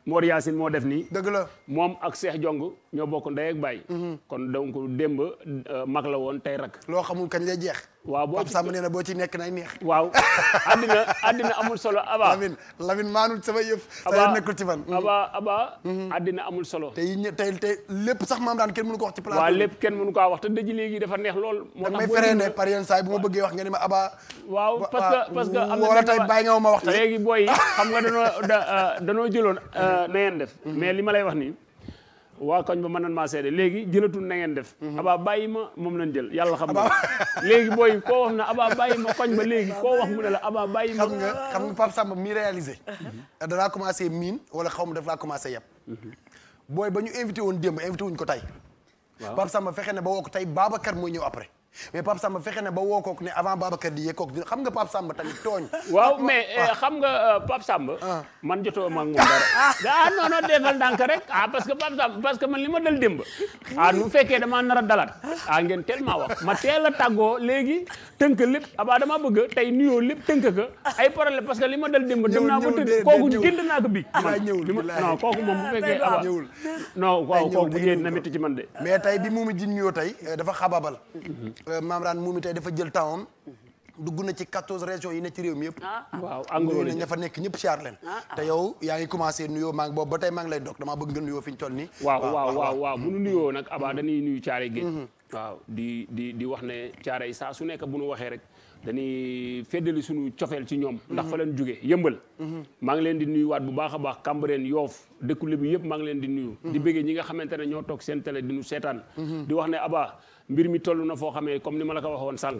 Mor moo def nii dëgg la moom ak seex Jong ñoo bokk ndey ak baay. Mhm. kon donc démb euh, mag la woon tey rak. loo xamul kañ lay jeex. waaw boo ci Pape Samb nee na boo ci nekk nay neex. waaw addina addina amul solo Aba. Lamine Lamine maanul sama yëf. Aba sa nekkul ci man. Mhm. Aba Aba. addina mhm. amul solo. te it tey tey lépp sax maam daan kenn mënu ko wax ci plateau. waaw lépp kenn mënu ko wax te dëj léegi dafa neex lool. moo tax feree ne par yenn saa yi bu ma bëggee wax nga ni ma Aba. waaw parce que ah, parce que am na wala tey bàyyi nga ma wax tey. léegi booy [laughs] xam nga danoo euh, danoo jëloon euh, na def. mais li ma lay wax nii waa koñ ba mën nan maa seede léegi jëlatul na ngeen def mhm. abaa bàyyi ma moom lañ jël yàlla xam nga [laughs] léegi booy koo wax na abaa bàyyi ma koñ ba léegi koo wax mu ne la abaa bàyyi ma xam nga xam nga Pape Samba mi réalisé mhm. dalaa commencé miin wala xaw ma daf laa commencé yàpp mhm. booy ba ñu invité woon démb invité wuñ ko tey Pape Samba fexe ne ba woo ko tey Babacar mooy ñëw après mais Pape Samba fexe na ba woo kook ne avant Babacar di yee kook xam nga Pape Samba tamit tooñ. waaw mais eh, ah. xam nga euh, Pape Samba. Ah. man joto ma ak moom dara. [laughs] ah, ah rek parce que Pape Samba parce que man li ma dal démb. ah nu fekkee damaa nar a dalat ah ma teel a léegi tënk lépp abaa dama bëgg tey nuyoo lépp tënk ka ay problème parce que li ma dal démb. dem naa ko tëdd kooku génn naa ko bi. non kooku moom bu fekkee abaa non waaw kooku bu ñëwee dina métti ci man de. mais tey bi mu mujj nuyoo tey euh, dafa xababal mm-hmm. Euh, Mamran Moumi tey dafa jël temps na ci quatorze régions yi ne ci réew mi yëpp. Ah, ah. waaw engrais la fa nekk ñëpp siyaar leen. Ah, te yow yaa ngi commencé nuyoo maa ngi boobu ba tey maa ngi lay dog damaa bëgg nga nuyoo fi ñu toll nii. waaw waaw waaw waaw bu nu nuyoo mm-hmm. nuyu caare mm-hmm. di wax ne caare yi saa su nekk bu nu waxee rek dañuy feddali suñu cofeel ci ñoom. ndax fa mm-hmm. leen jóge yëmbal. maa ngi leen di nuyuwaat bu baax a baax Cambérène Yoff dëkku Lebu yëpp maa ngi leen di nuyu. di bëggee ñi nga xamante ñoo toog seen télé di seetaan. di wax ne Aba mbir mi toll na foo xamee comme ni ma la ko waxoon sànq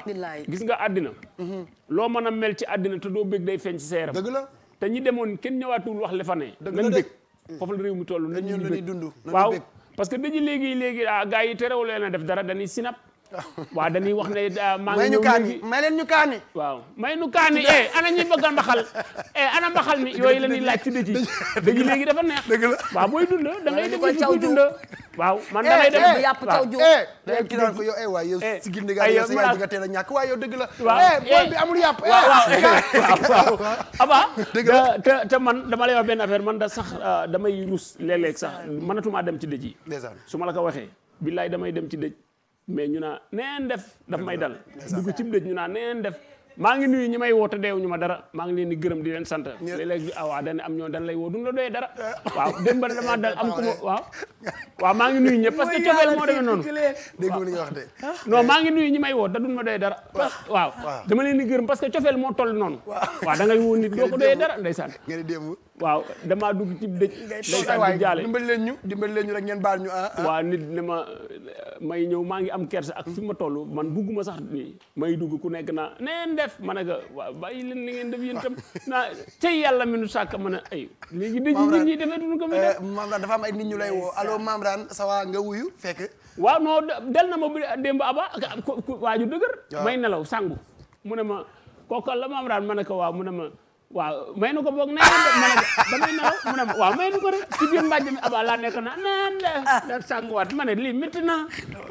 gis nga àddina mhm. loo mën a mel ci àddina te doo bëgg day feeñ ci sa yaram dëgg la te ñi demoon kenn ñëwaatul wax le fa ne nañ bëgg foofu la réew mi toll nañ dund waaw parce que dañu léegi léegi ah gars yi terewul leen a def dara dañuy sinap [laughs] waaw dañuy wax ne euh, maa ngi ñu kaani may leen ñu kaani waaw may nu kaani eh ana ñi bëgg a mbaxal [laughs] eh ana mbaxal mi yooyu la ñuy laaj ci dëj yi dëgg léegi dafa neex dëgg la waaw booy dund da waaw man eh, damay dem eh, yàpp taw eh, waay yow si gindi nga yow sa ñàkk waaw dëgg la [laughs] eh bi amul yàpp aba dëgg la man dama lay wax benn affaire man da sax euh, damay rus léeg-léeg sax mënatuma dem ci dëj yi su ma la ko waxee billaay damay dem ci dëj mais ñu naa neen def daf may dal dugg ci dëj ñu naa neen def maa ngi nuyu ñu may woo te deew ñu ma dara maa ngi leen di gërëm di leen sant léeg-léeg awaa ah, dañ am lay woo duñ la doyee dara [laughs] ah. waaw dem waaw [laughs] waaw maa ngi nuyu ñëpp parce que cofeel moo demee noonu dégg li ah. maa ngi nuyu ñi may woo da duñ ma doyee dara waaw dama leen di gërëm parce que cofeel moo toll noonu waaw da ngay woo nit doo ko doyee dara ndeysaan waaw damaa dugg ci dëj. waay dimbali leen ñu dimbali leen ñu rek ngeen baal ñu ah. ah. waaw nit ne ma may ñëw maa ngi am kersa ak fi ma toll man bugguma sax nii may dugg ku nekk naa neen ma ne ko waaw bàyyi leen li ngeen def yéen itam [laughs] naa tey yàlla mi nu sàkk ma ne ay. léegi dëj yi nit ñi defee duñu ko mi eh, am ay nit ñu lay woo allo Mamran ça va nga fekk. waaw non del na ma démb aba waaju dëgër. may nelaw sàngu mu ne ma kooku la Mamran ma ne ko waaw mu ne ma. waaw may na ko boog na ngeen ma ne ko damay nelaw mu ne ma waaw may na ko rek ci biir mbàjj mi abaa laa nekk na naan da sànguwaat ma ne lii métti na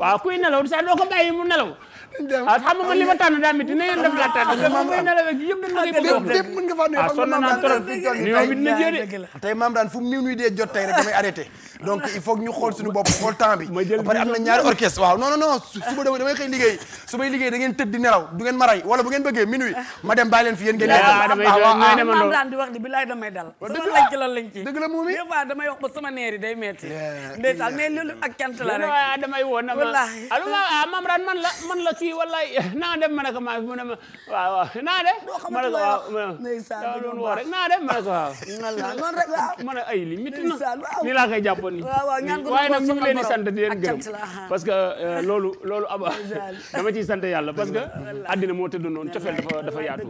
waaw kuy nelaw sax doo ko bàyyi mu nelaw waaw xam nga man li ma tànn daa métti na ngeen def laa tànn ma may nelawee gi yëpp dañ ma koy bëgg lépp mën nga fa ne waaw sonn naa trop fi toll nii yow it na jëlee tey maam daan fu mu niw nuy dee jot tey rek damay arrêté donc il faut que ñu xool suñu bopp xool temps bi ba pare am na ñaari orchestre waaw non non non suba damay xëy liggéey su liggéey da ngeen nelaw du ngeen ma ray wala bu ngeen bëggee minuit ma dem bàyyi leen fi yéen ngeen ah, ah, ah. daan di wax di damay la moom des wax ba sama neer day metti ndeysaan mais loolu ak cant la naa dem ma ne ko maa mu ne ma waaw waaw naa de ma ne ko waaw ay li na ni laa koy jàpp ko nii. waaw waaw ñaan ko waaye nag ñu ngi leen di sant leen gërëm parce que euh, loolu loolu aba [laughs] [laughs] dama yàlla parce que àddina moo tëdd noonu cofeel dafa dafa yaatu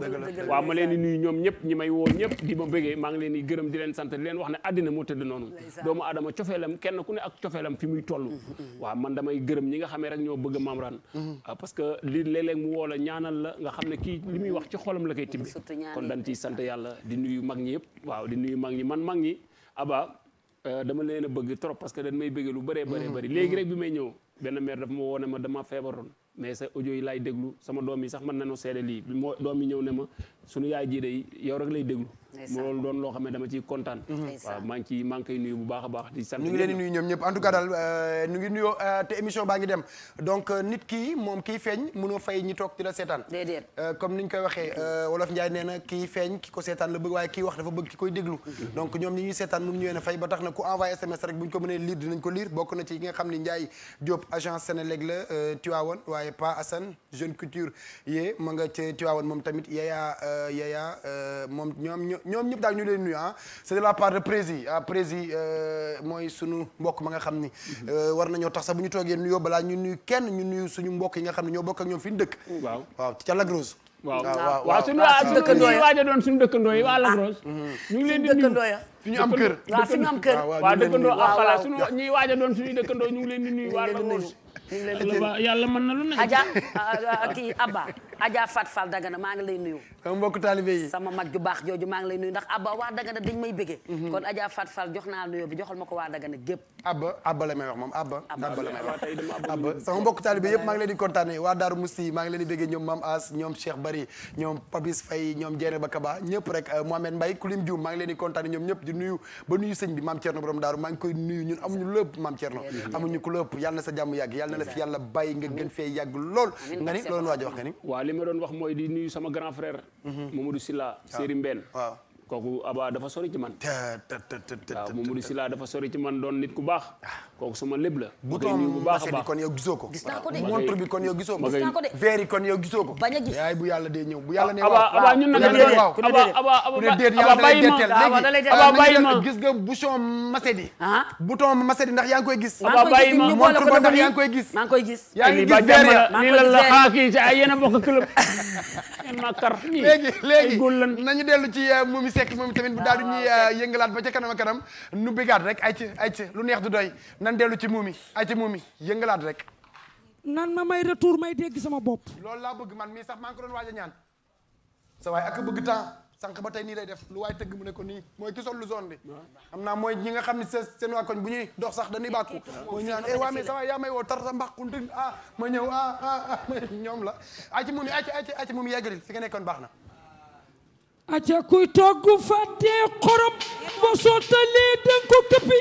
waaw ma leen di ñëpp ñi may woo ñëpp ma bëggee maa ngi leen di gërëm di leen sant leen wax ne àddina moo tëdd noonu doomu aadama cofeelam kenn ku ne ak cofeelam fi muy toll mm-hmm, mm-hmm. waaw man damay gërëm ñi nga xamee rek ñoo bëgg Mame Rane mm-hmm. ah, parce que li léeg-léeg mu woo la ñaanal la nga xam ne kii li muy wax ci xolam la koy tibbe kon dañ ciy sant yàlla di nuyu mag ñi yëpp waaw di nuyu mag ñi man mag ñi aba Euh, dama leen a bëgg trop parce que dañ may bëgg lu bëree bëree mm-hmm. bëri mm-hmm. léegi rek bi may ñëw benn mère daf ma woo ne ma dama feebaroon mais sa audio yi lay déglu sama doom yi sax mën nañoo seede lii bi moo doom yi ñëw ne ma suñu yaay ji day yow rek lay déglu loolu doon loo xam ne dama ci kontaan waaw maa ngi ciy maa nuyu bu baax a baax di sant ñu ngi leen di nuyu ñoom ñëpp en tout cas daal euh, ñu ngi nuyoo euh, te émission baa ngi dem donc euh, nit kii moom kii feeñ mënoo fay ñi toog di la seetaan déedéet comme ni ñu koy waxee wolof Njaay nee na kii feeñ ki ko seetaan la bëgg waaye kii wax dafa bëgg ki koy déglu donc ñoom ñi ñuy seetaan mënu ñu leen a fay ba tax na ku envoyé SMS rek bu ñu ko mënee lire dinañ ko lire bokk na ci nga xam ni Njaay Diop agent Sénélec waaye Pa Assane jeune culture yee ma nga ca Tiwaawoon moom tamit Euh, Yaya euh, moom ñoom ñoom ñëpp daal ñu leen nuyu ah c'est de la part de Prési ah Prési euh, mooy sunu mbokk ma nga xam ni mhm. war ñoo tax sax bu ñu toogee nuyoo balaa ñu nuyu kenn ñu nuyu suñu mbokk yi nga xam ne ñoo bokk ak ñoom fi ñu dëkk waaw waaw ci ca Lagrose waaw waaw waaw suñu waa suñu waaja doon suñu dëkkandoo yi waa ah. mhm. ñu ngi leen di nuyu fi ñu am kër waa fi ñu am kër waaw dëkkandoo ak xalaat ah, sunu ñuy waaj a dëkkandoo ñu ngi leen di nuyu waa yàlla mën na lu ne Adja ah, kii Abba Adja Fat Fall Dagana maa ngi lay nuyu sama mbokk taalibe sama mag ju baax jooju maa ngi lay nuyu ndax Abba waa may bëggee kon Adja Fat Fall jox naa waa Dagana gépp Abba Abba la may wax moom Abba Abba la may wax Abba sama mbokk taalibe yëpp maa ngi leen di kontaane waa Daaru Musti maa ngi leen di ñoom Mam As ñoom Cheikh Bari ñoom Papis Faye ñoom Dieynaba Kaba ñëpp rek Mohamed Mbaye Kulim Dioum maa ngi leen di ñoom ñëpp di nuyu ba nuyu sëñ bi maam Thierno borom daaru maa ngi koy nuyu ñun amuñu lépp maam Thierno amuñu ko lépp yàlla na sa jàmm yàgg yàlla na la fi yàlla bàyyi nga gën fee yàgg lool nga ni loolu waaj wax nga ni waaw li ma doon wax mooy di nuyu sama grand frère mhm. Mamadou Silla Séri Mbène kooku Aba dafa sori ci man. waaw Mamadou Sylla dafa sori ci man doon nit ku baax. Ah. kooku sama lépp la. bu bu baax a baax kon yow gisoo ko. gis naa ko de montre bi kon yow gisoo ko. gis naa ko de verre yi kon yow gisoo ko. bañ a gis yaay bu yàlla dee ñëw bu yàlla ah, nee waaw Aba ñun nag waaw ku ne déedéet ku ne déet yàlla dalay detteel léegi Aba bàyyi ma gis nga bouchon Massédi. bouton Massédi ah? ndax yaa ngi koy gis. Aba bàyyi ma montre ba ndax yaa ngi koy gis. maa ngi koy gis. yaa ngi gis verre ya lii la la xaaki ci ay yéen a bokk club. léegi léegi nañu dellu ci Momy Seck moom tamit bu daal di ñuy euh, yëngalaat ba ca kanam a nu bégaat rek ay ci ay lu neex du doy nan dellu ci muumi ay ci muumi yëngalaat rek nan ma may retour may dégg sama bopp loolu laa bëgg man mii sax maa ngi ko doon waaj ñaan sa waaye ak bëgg temps sànq ba tey nii lay def lu waay tëgg mu ne ko nii mooy ki sol lu zone bi xam naa mooy ñi nga xam ne seen seen waa koñ bu ñuy dox sax dañuy baaku mooy ñu naan eh waa mais sa waay yaa may woo tarta mbàqu ndëg ah ma ñëw ah, ah, ah, la ay ci muumi a ci ay ci fi nga nekkoon baax na aca kuy togg fàtte xorom boo sottalee ko këppi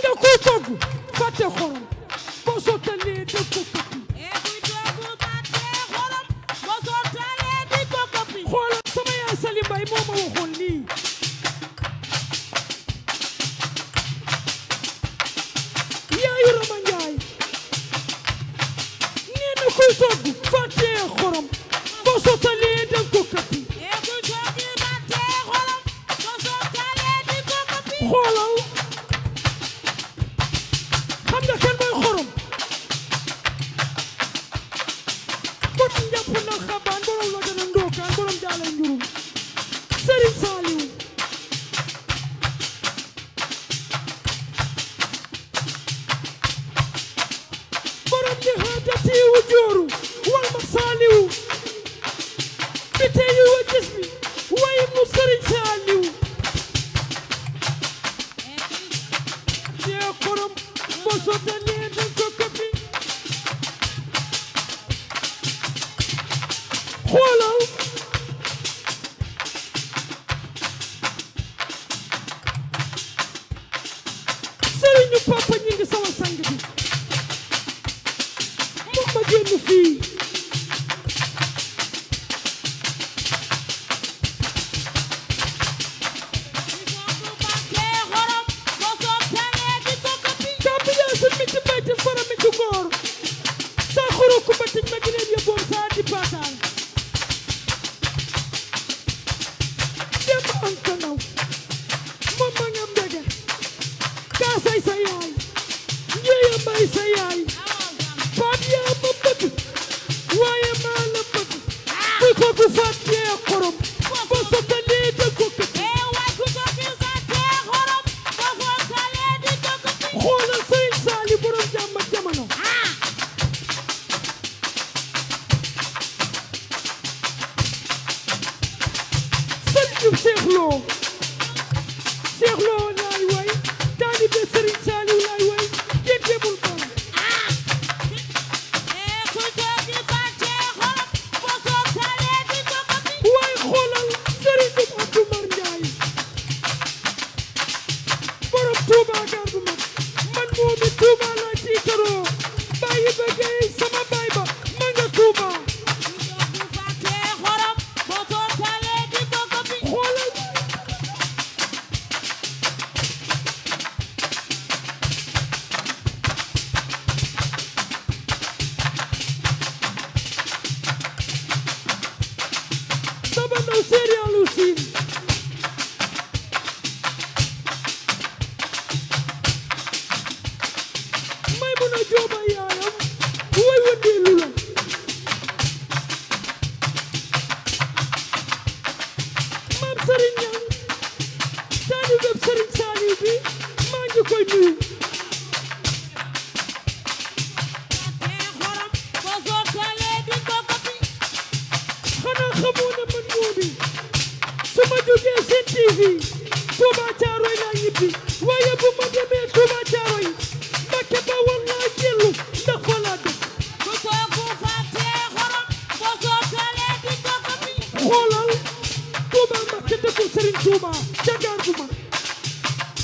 xam kuy togg fàtte xorom boo sottalee ko këppi xoolal sama yaay Salim Mbaye moo ma waxoon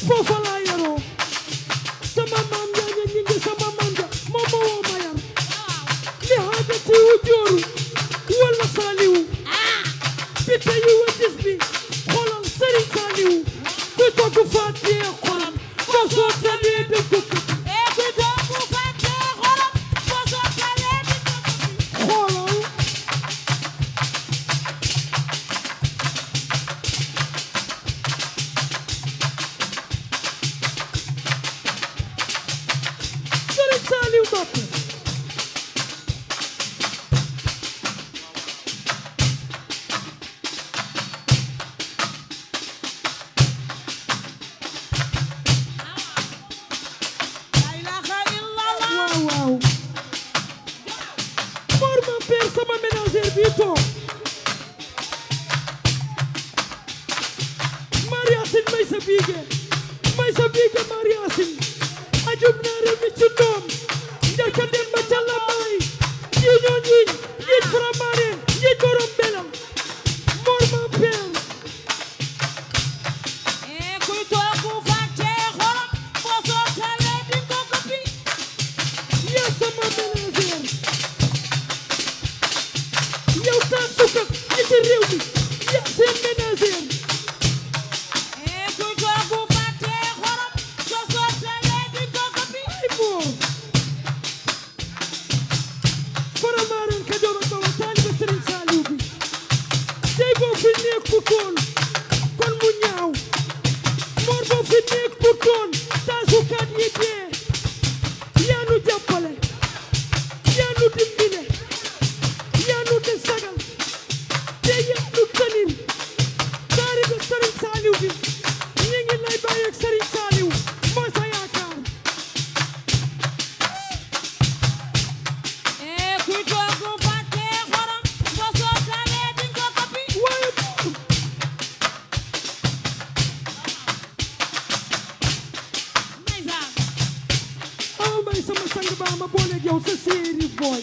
foofu la sama sang baa ma booleeg yow sa séeri booy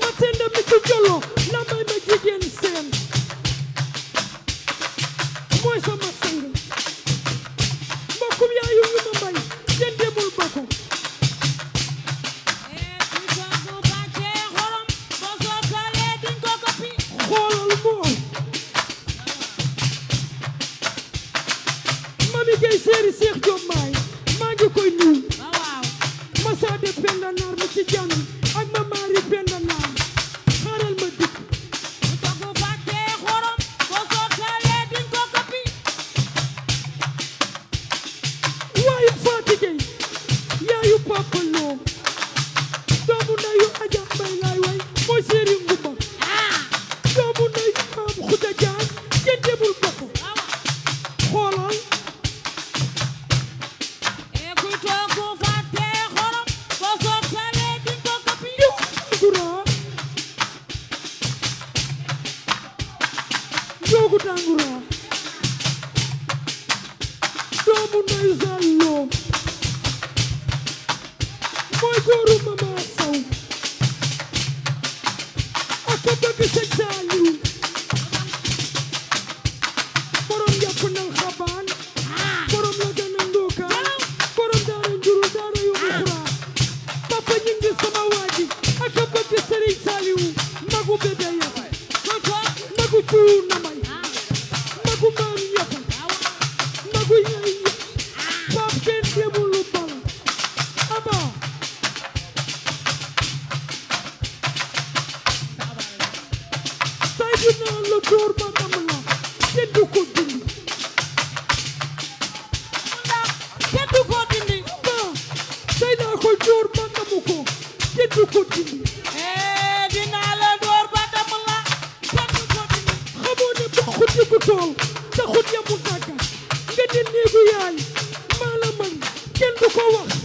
ma tenda mi ci jolo la may ma jigéen seen te du ko dindi ee dinaa la door ba dam la te du ko dindi xamoo ne ba xut yi ku tool te xut ya mu tàgga nga ne néegu yaay maa la man kenn du ko wax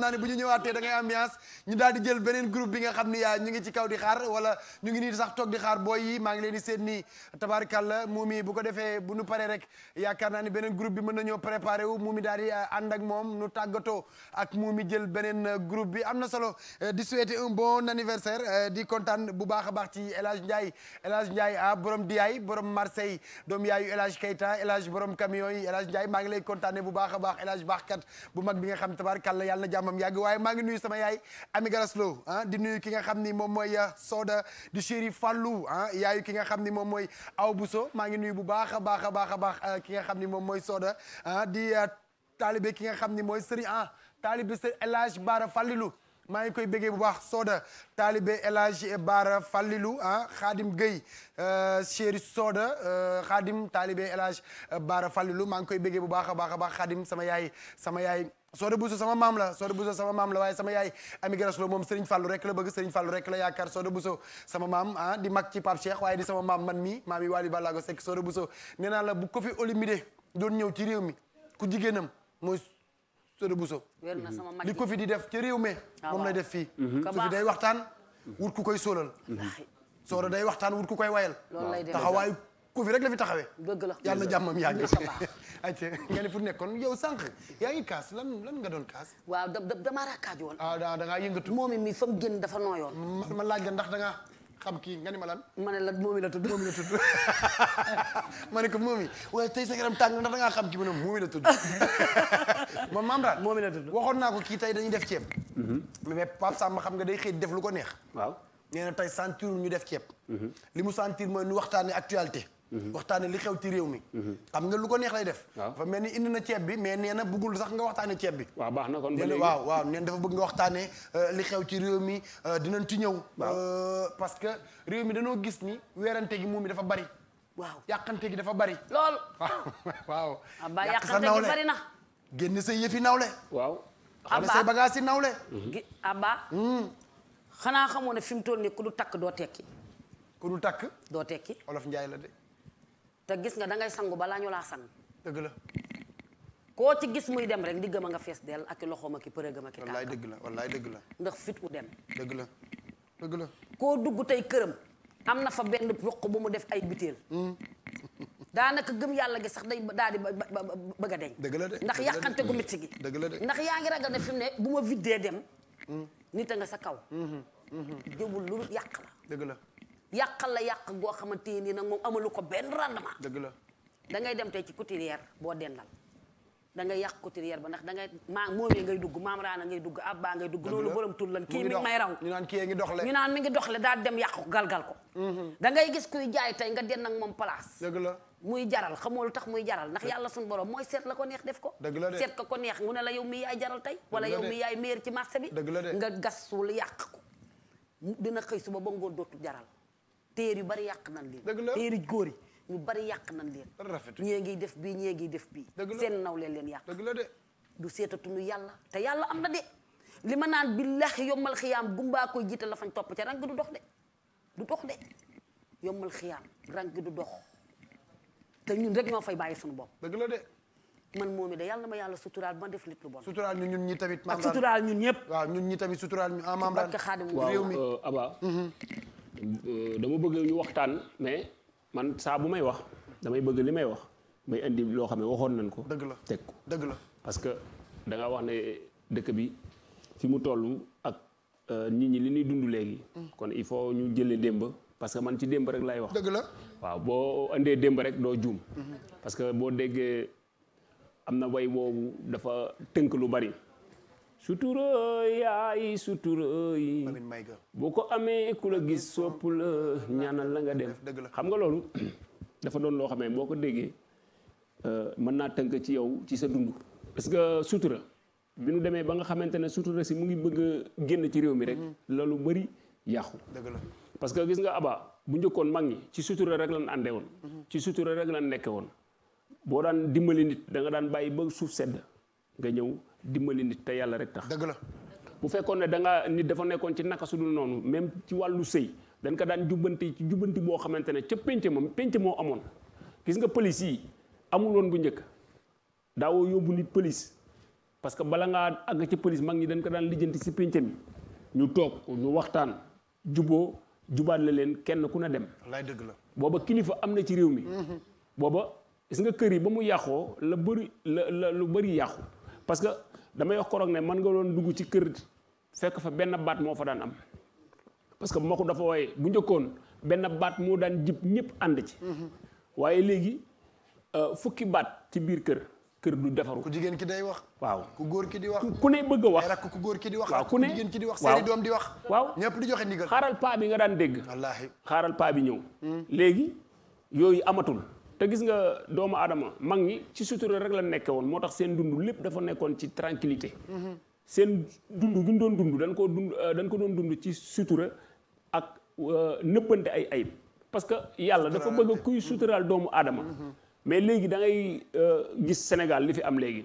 xam ne bu ñu ñëwaatee da ngay ambiance ñu daal di jël beneen groupe bi nga xam ni yaa ñu ngi ci kaw di xaar wala ñu ngi nii sax toog di xaar booy yi maa ngi leen di nii nii tabaarkàlla muumi bu ko defee bu nu paree rek yaakaar naa ne beneen groupe bi mën nañoo préparé wu muumi daal di euh, ànd ak moom nu tàggatoo ak mi jël beneen euh, group bi am na solo euh, di souhaiter un bon anniversaire euh, di kontaan bu baax a baax ci El Hadj Ndiaye El Hadj Ndiaye ah borom Diaye borom Marseille doom yaayu El Hadj Keita El borom camion yi El Hadj maa ngi lay kontaanee bu baax a baax El baax baaxkat bu mag bi nga xam tabaarkàlla yàlla na jàmmam yàgg waaye maa ngi nuyu sama yaay amigara Garaslo ah di nuyu ki nga xam ni moom mooy Soda di chéri Fallou ah yaayu ki nga xam ni moom mooy Aw Bousso maa ngi nuyu bu baax a baax a baax a baax ki nga xam ni moom mooy Soda ah di taalibe ki nga xam ni mooy Serigne ah. taalibe sa El Hadj Baara Fallilu maa ngi koy bëggee bu baax Soda taalibe El Hadj Baara Fallilu ah Xaadim Gueye euh, chéri Soda Xaadim euh, taalibe El Hadj Baara Fallilu maa ngi koy béggee bu baax a baax a baax Xaadim sama yaay sama yaay Soda Bousso sama maam la Soda Bousso sama maam la waaye sama yaay Ami Garas moom Serigne Fallou rek la bëgg Serigne fallu rek la yaakaar Soda Bousso sama maam ah di mag ci Pape Cheikh waaye di sama maam man mii maam i Wally Ballago Seck soo Bousso nee naa la bu Koffi Olomidé doon ñëw ci réew mi ku Soda Bousso li Covid di def ci réew mi ah, moom lay def fii mm-hmm. su fi day waxtaan wut ku koy sóolal mm-hmm. Soda day waxtaan wut ku koy wayal taxawaayu Covid rek la fi taxawee dëgg la yàlla na yaa ngi ay nekkoon yow sànq yaa ngi kaas lan nga doon kaas waaw dama raakaaj woon ah, da ngaa yëngatu moom mi fa mu génn dafa nooyoon man laaj la ndax da ngaa xam kii nga ni ma lan. ma ne la moomi la tudd moomi la tudd [laughs] ma ne ko moomi waaye tey sa yaram tàng ndax da xam kii ma ne moomi la tudd [laughs] moom maam daal moomi la tudd waxoon naa ko kii tey dañuy def ceeb. Mhm. mais Pape Samba xam nga day xëy def lu ko neex. waaw nee na tey sentir ñu def ceeb. Mhm. li mu sentir mooy nu waxtaanee actualité. Mm-hmm. waxtaane li xew ci réew mi mm-hmm. xam nga lu ko neex lay def dafa mel ni indi na ceeb bi mais nee na bëggul sax nga waxtaane ceeb bi waaw baax na kon ba léegi waaw waaw neen dafa bëgg nga waxtaane euh, li xew ci réew mi euh, dinañ ci ñëw euh, parce que réew mi dañoo gis ni weerante gi moom mi dafa bari waaw yàqante gi dafa bari lool [laughs] waaw waaw ah, yàqante gi bari na génn say yëfi nawle waaw xale say bagage si nawle mm-hmm. abba mm. xanaa xamoon ne fi mu toll nii ku du takk doo tekki ku du takk doo tekki olof njaay la de te gis nga dangay sangu balaa ñu laa sang. dëgg la. koo ci gis muy dem rek ndiggam a nga fees dell ak i loxoom ak i përëgam ak i tànkam. wallaay dëgg la wallaay dëgg la. ndax fit u dem. dëgg la dëgg la. koo dugg tey këram am na fa benn roq bu mu def ay butéel. Hmm. gëm yàlla gi sax day daal di bëgg a dëgg la de ndax yàqante gu métti gi. Hmm. dëgg la de ndax yaa ngi ragal ne fi mu ne bu ma viddee dem. Hmm. nit a nga sa kaw. jëwul lu yàq la. yàqal la yàq goo xamante ni nag moom amalu ko benn rendement. dëgg la dangay dem tey ci couturière boo dendal da ngay yàq couturière ba ndax da ngay maa moomee ngay dugg maam raana ngay dugg abba ngay dugg. loolu borom tur lan kii mi ngi may raw. ñu naan kii ngi doxle ñu naan mi ngi dox le daal dem yàq ko galgal ko. Mm-hmm. dangay gis kuy jaay tey nga den ak moom place. dëgg la. muy jaral xamoo lu tax muy jaral ndax yàlla suñu borom mooy seet la ko neex def ko dëgg la de ko ko neex mu la yow mi yaay jaral tey wala yow mi yaay meer ci marché bi dëgg la nga gas suul yàq dina xëy suba ba ngoon dootu jaral téer yu bari yàq nañ leen. dëgg la góor yi ñu bari yàq nañ leen. rafetul ñee ngi def bii ñee ngi def bii. seen naw leen leen yàq. dëgg la de. du seetatuñu yàlla te yàlla am na de li ma naan billahi yombal xiyaam gumbaa koy jiital la fañ topp ca rang du dox de du dox de yombal xiyaam rang du dox te ñun rek ñoo fay bàyyi suñu bopp. dëgg la de. man moom it de yàlla ma yàlla suturaal ba def lépp lu bon. suturaal ñun ñun ñi tamit. suturaal ñun ñëpp. waaw ñun ñi tamit suturaal ñu ah maam. barke xaadim réew mi euh, Euh, dama bëgg ñu waxtaan mais man saa bu may wax damay bëgg li may wax may indi loo xam ne waxoon nañ ko. dëgg la teg ko dëgg la. parce que da wax ne dëkk bi fi mu toll ak euh, nit ñi li ñuy dund léegi. Mm. kon il faut ñu jëlee démb. parce que man ci démb rek lay wax. dëgg la waaw boo indee démb rek doo juum. Mm-hmm. parce que boo déggee am na way boobu dafa tënk lu bari. suturooy yaay suturooy boo ko amee ku la gis sopp la ñaanal la nga dem xam nga loolu [clears throat] dafa doon loo xamee boo ko déggee euh, mën naa tënk ci yow ci sa dund parce que sutura bi nu demee ba nga xamante ne sutura si mu ngi bëgg génn ci réew mi rek mm-hmm. loolu bëri yàqu dëgg la parce que gis nga aba bu njëkkoon mag ñi ci sutura rek lan àndee woon mm-hmm. ci sutura rek lan nekke woon boo daan dimbali nit da nga daan bàyyi ba suuf sedd nga ñëw dimbali nit te yàlla rek tax. dëgg la bu fekkoon ne da nga nit dafa nekkoon ci naka su dul noonu même ci wàllu sëy dañ ko daan jubbanti ci jubbanti boo xamante ne ca pénc moom pénc moo amoon gis nga pëlis yi amul woon bu njëkk daawoo yóbbu nit pëlis parce que bala ngaa àgg ci pëlis mag ñi dañ ko daan lijjanti si pénc mi ñu toog ñu waxtaan juboo jubaat la leen kenn ku na dem. wallaay dëgg la booba kilifa am na ci réew mi. Mhm. booba gis nga kër yi ba mu yàqoo la bëri la la lu bëri yàqu. parce que damay wax korook ne mën nga doon dugg ci kër fekk fa benn baat moo fa daan am parce que mbokk dafa woy bu njëkkoon benn baat moo daan jib ñëpp ànd ci. waaye léegi euh, fukki baat ci biir kër. kër du defaru ku jigéen ki day wax. waaw ku góor ki di wax. ku ne bëgg a wax rek ku góor ki di wax. waaw ku ne ku di wax seeni doom di wax. waaw ñëpp di joxe xaaral paa bi nga daan dégg. wallaahi xaaral paa bi ñëw. Hmm. léegi yooyu amatul. te gis nga doomu aadama mag ñi ci sutura rek la nekke woon moo tax seen dund lépp dafa nekkoon ci tranquillité mhm. seen dund gi doon dund dañ ko dund euh, dañ ko doon dund ci sutura ak euh, nëbbante ay ayib parce que yàlla dafa bëgg kuy suturaal doomu aadama mhm. mais léegi da ngay euh, gis Sénégal li fi am léegi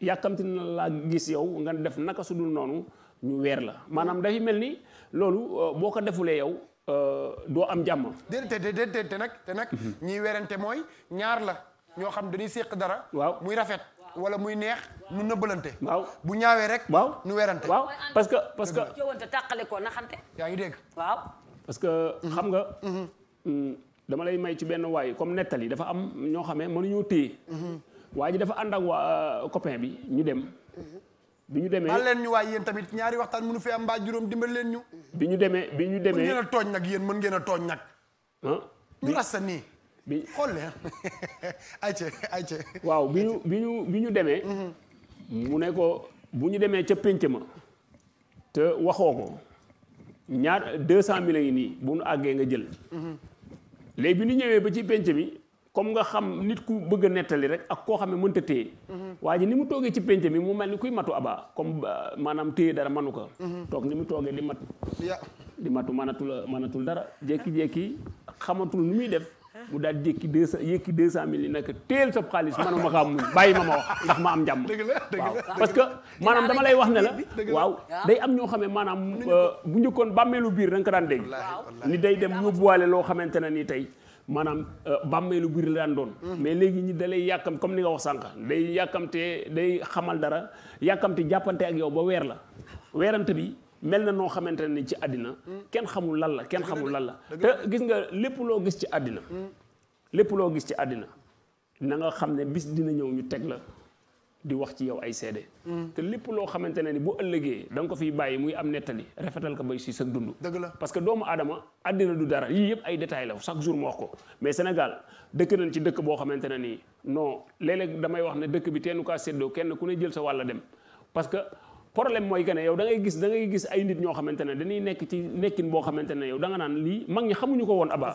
yàkkamti na laa gis yow nga def naka su dul noonu ñu weer la maanaam dafi mel ni loolu boo ko defulee yow Euh, doo am jàmm. déedéet déedéet te nag te nag. Mhm. ñiy werante mooy ñaar la ñoo xam dañuy séq dara. waaw muy rafet. wala muy neex nu nëbbalante. waaw bu ñaawee rek. waaw nu werante. waaw parce que parce que. jëwante tàqale ko naxante. yaa ngi dégg. waaw. parce que mhm. xam nga. Mhm. Hmm, dama lay may ci benn waay comme nettali dafa am ñoo xam ne mënuñoo téye. waa ji dafa ànd ak waa euh, copain bi ñu dem. bi ñu demee baal leen ñu waaye yéen tamit ñaari waxtaan mënu fee am mbaa juróom dimbal leen ñu. bi ñu demee bi ñu demee mën a tooñ nag yéen mën ngeen a tooñ nag. ñu rasta [laughs] waaw bi bi ñu bi ñu demee. Mm-hmm. mu ne ko bu ñu demee ca pénc ma. te waxoo ko ñaar deux cent mille ngi nii bu nu àggee nga jël. Mm-hmm. léegi bi ñu ñëwee ba ci pénc mi. comme nga xam nit ku bëgg a nettali rek ak koo xam ne mënta téye mhm. waa ji ni mu toogee ci pénc mi mu mel ni kuy matu aba comme euh, maanaam téye dara manu ko mhm. toog ni mu toogee di matu di matu manatul manatul dara jékki-jékki xamatul nu muy def mu daal jékki deux cent yékki deux cent mille yi nag teel sa xaalis manuma kaa muñ bàyyi ma ma wax ndax ma am jàmm waaw parce que maanaam dama lay wax ne la waaw day am ñoo xam ne maanaam euh, bu njëkkoon bàmmeelu biir da ko daan dégg ni day dem yóbbuwaale loo xamante ne nii tey maanaam euh, bàmmeelu biir la daan doon mm-hmm. mais léegi ñi dalay yàkkam comme ni nga wax sànq day yàkkamte day xamal dara yàkkamte jàppante ak yow ba weer la weerante bi mel na noo xamante ne ci àddina mm-hmm. kenn xamul lan la kenn xamul lan la te gis nga lépp loo gis ci àddina mm-hmm. lépp loo gis ci àddina na nga xam ne bis dina ñëw ñu teg la di wax ci yow ay seede mm. te lépp loo xamante ne ni bu ëllëgee danga ko fiy bàyyi muy am nettali rafetal ko bay si sa dund dëgg la parce que doomu aadama àddina du dara yii yëpp ay détails la chaque jour mu wax ko mais Sénégal dëkk nañ ci dëkk boo xamante ne nii noo léeg damay wax ne dëkk bi nu kaa séddoo kenn ku ne jël sa wàll dem parce que problème mooy que ne yow da ngay gis da gis ay nit ñoo xamante ne dañuy nekk ci nekkin boo xamante ne yow da nga naan lii mag ñi xamuñu ko woon abaa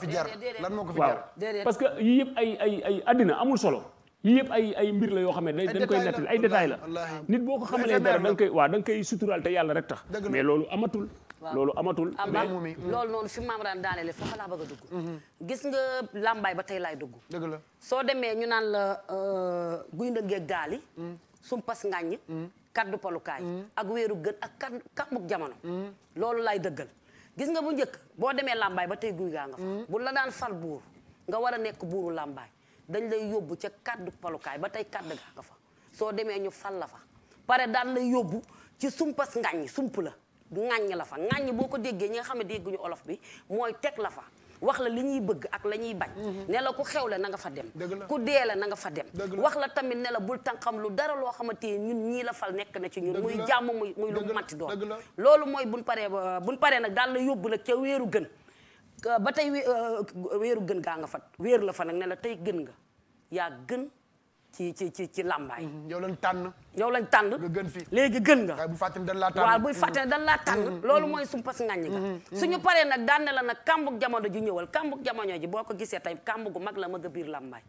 lan moo ko fi jar parce que yii yëpp ay ay ay àddina amul solo yii yëpp ay ay mbir la yoo xam ne dañ koy nettali ay détail la nit boo ko xamalee dara da nga koy waaw da koy suturaal te yàlla rek tax mais loolu amatul loolu amatul mais loolu noonu fi maam daan daaneele foofa laa bëgg a dugg mhm. nga làmbaay ba tey laay dugg dëgg la soo demee ñu naan la euh, guy ndëggee gaali mhm. sumpas ngàññ mhm. kaddu palukaay ak wéeru gën ak kan kàmbug jamono loolu laay dëggal gis nga bu njëkk boo demee làmbaay ba tey guy gaa nga fa bu la daan fal buur nga war a nekk buuru làmbaay dañ lay yóbbu ca kàddu palukaay ba tey kàddu gaa nga fa soo demee ñu fal la fa pare daan lay yóbbu ci sumpas ngàññ sump la ngàññ la fa ngàññ boo ko déggee ñi nga xam ne dégguñu olof bi mooy teg la fa wax la li ñuy bëgg ak la ñuy bañ mhm. ne la ku xewle na nga fa dem ku deele na nga fa dem wax la tamit ne la bul tànqam lu dara loo xamante ni ñun ñii la fal nekk na ci ñun muy jàmm muy muy lu matti doon loolu mooy buñ paree buñ paree nag daal la yóbbu nag ca wéeru gën ba tey euh, wéeru gën gaa nga fa wéeru la fa nag ne la tey gën nga yaa gën ci ci ci ci làmbaay. Mm-hmm. yow lañ tànn. yow lañ tànn. gën fi léegi gën nga. waaw bu fàttali dañ laa tànn waaw bu fàttali dañ laa tànn. Mm-hmm. Mm-hmm. loolu su suñu pas ngañ ga. suñu paree nag daan ne la nag kàmbug jamono ji ñëwal kàmbug jamono ji boo ko gisee tey kàmb gu mag la mag a biir làmbaay.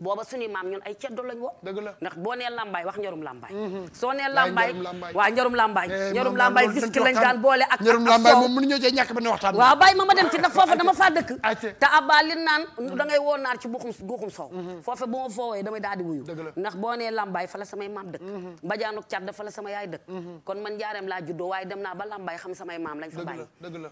booba suñu maam ñun ay ceddo lañ woo ndax boo nee lambaay wax ñorum lambaay mhm. soo nee lambaay waa ñorum lambaay eh, ñorum lambaay viski lañ daan boole ak ñorum lambaay moom mënu ñoo cee ñàkk ma ma dem ci ndax foofa dama faa [laughs] mhm. da ngay woo naar ci buxum guxum sow mhm. foofa bu ma fa la samay maam dëkk mbajaanuk cadda fa la sama yaay dëkk kon man jaareem laa juddoo waaye dem naa ba lambaay xam samay maam lañ fa bàyyi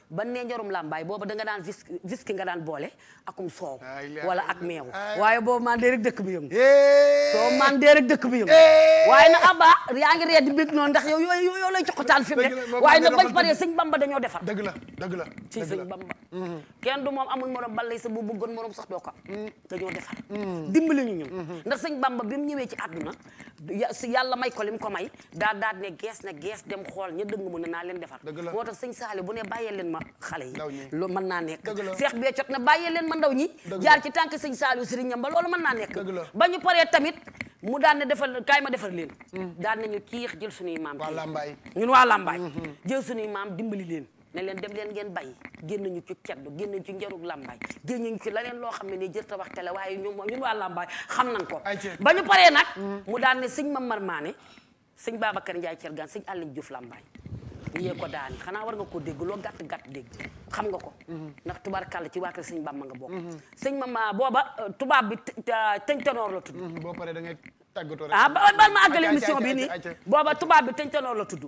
ba nee ñorum lambaay booba da nga daan viski nga daan boole akum soow wala ak meew waaye boobu man rek dëkk bi yëngu. Eh. soo mandee rek bi yëngu. Eh. waaye na Abba yaa ngi reet di bëgg noonu ndax yow yoo yoo lay joxotaan fi mu ne. waaye na bañ paree sëñ Bamba dañoo defar. dëgg la dëgg la [laughs] ci sëñ Bamba. Mm-hmm. kenn du sa bu bëggoon morom sax doo ko am. Mm-hmm. dañoo defar. Mm-hmm. dimbali ñu ñun. ndax sëñ Bamba bi mu ñëwee ci may ko lim ko may daa daal ne gees na gees dem xool ña dëng mu ne naa leen defar. dëgg la moo tax sëñ Saali bu ne bàyyee leen ma xale yi. loolu mën naa Seex bee cot na bàyyee ma ndaw ñi. jaar ci tànk sëñ Saali sëriñ ñam ba loolu mën naa nekk dëkk ba ñu paree tamit mu daan ne defal kaay ma defal leen mm. daan ñu kiix jël suñuy maam waa Lambaay ñun waa Lambaay mm-hmm. jël suñuy maam dimbali leen ne leen dem leen ngeen bàyyi génn ñu ci ceddu génn ñu ci njarug Lambaay génn ñu ci leneen loo xam ne nii jërta wax tele waaye ñun ñun waa Lambaay xam nañ ko ba ñu paree nag mm-hmm. mu daan ne sëñ Mamar Maane sëñ Babacar Ndiaye Thiergane sëñ Aliou Diouf Lambaay yee ko daani xanaa war nga ko dégg loo gàtt gàtt dégg xam nga ko mm-hmm. ndax tubaarkàlla ci waa kër sëñ Bamba nga bokk mm-hmm. sëñ Mama booba euh, tubaab bi tëñ tanoor la tudd mm-hmm. boo paree da ngay tàggatoo rek ah bal ma àggale émission bi nii booba tubaab bi tëñ tanoor la tudd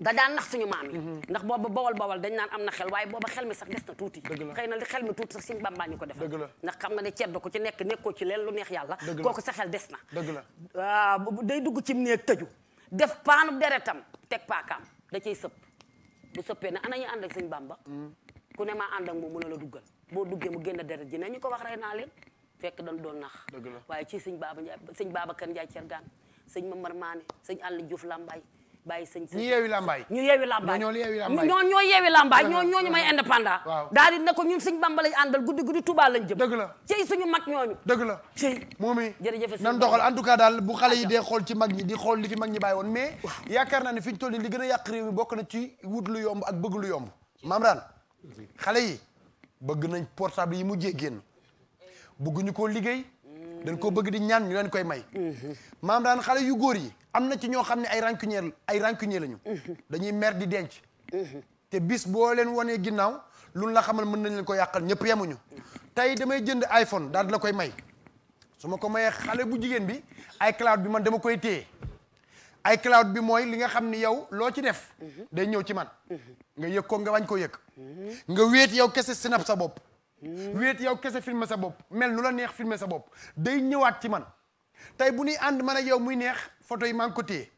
da daan nax suñu maam yi ndax booba bawal bawal dañ naan am na xel waaye booba xel mi sax des na tuuti xëy na li xel mi tuuti sax suñu bambaa ko def ndax xam nga ne ceeb ko ci nekk nekkoo ci leen lu neex yàlla kooku sa xel des na dëgg la ah, day dugg ci néeg tëju def paanu deretam teg paakaam da ciy sëpp bu sëppee na ana ñu ànd ak suñ Bamba ku ne maa ànd ak moom mu ne la duggal boo duggee mu génn deret ji ne ñu ko wax rey naa leen fekk dañ doon nax waaye ci suñ sëñ Baba Ndiaye sëñ Babacar Ndiaye Thiergane sëñ Mamar Mané sëñ Àll Diouf Lambaye bàyyi sëñ ñu yeewi lambaay ñu yeewi lambaay ñoo ñoo yeewi lambaay ñoo ñoo ñu may indépendant daal di ko ñun sëñ Bamba lañ guddi guddi Touba jëm dëgg la ci suñu mag ñooñu dëgg la ci moomi jërëjëf nan doxal en tout cas daal bu xale yi dee xool ci mag ñi di xool li fi mag ñi bàyyi woon mais yaakaar naa ne fi ñu toll li gën a bokk na ci wut lu yomb ak bëgg lu yomb mamran xale yi bëgg nañ portable yi mu mujjee génn bëgguñu koo liggéey dañ koo bëgg di ñaan ñu leen koy may maam daan xale yu góor yi am na ci ñoo xam ne ay rancunier ay rancunier lañu dañuy mer di denc te bis boo leen wanee ginnaaw lu la xamal mën nañ leen ko yàqal ñëpp yemuñu tey damay jënd iPhone daal di la koy may su ma ko mayee xale bu jigéen bi ay iCloud bi man dama koy téye iCloud bi mooy li nga xam ni yow loo ci def day ñëw ci man nga yëg ko nga wañ ko yëg nga wéet yow kese sinap sa bopp wéet yow kese filmer sa bopp mel nu la neex filmer sa bopp day ñëwaat ci man tey bu ñuy ànd man a yow muy neex photo yi maa ngi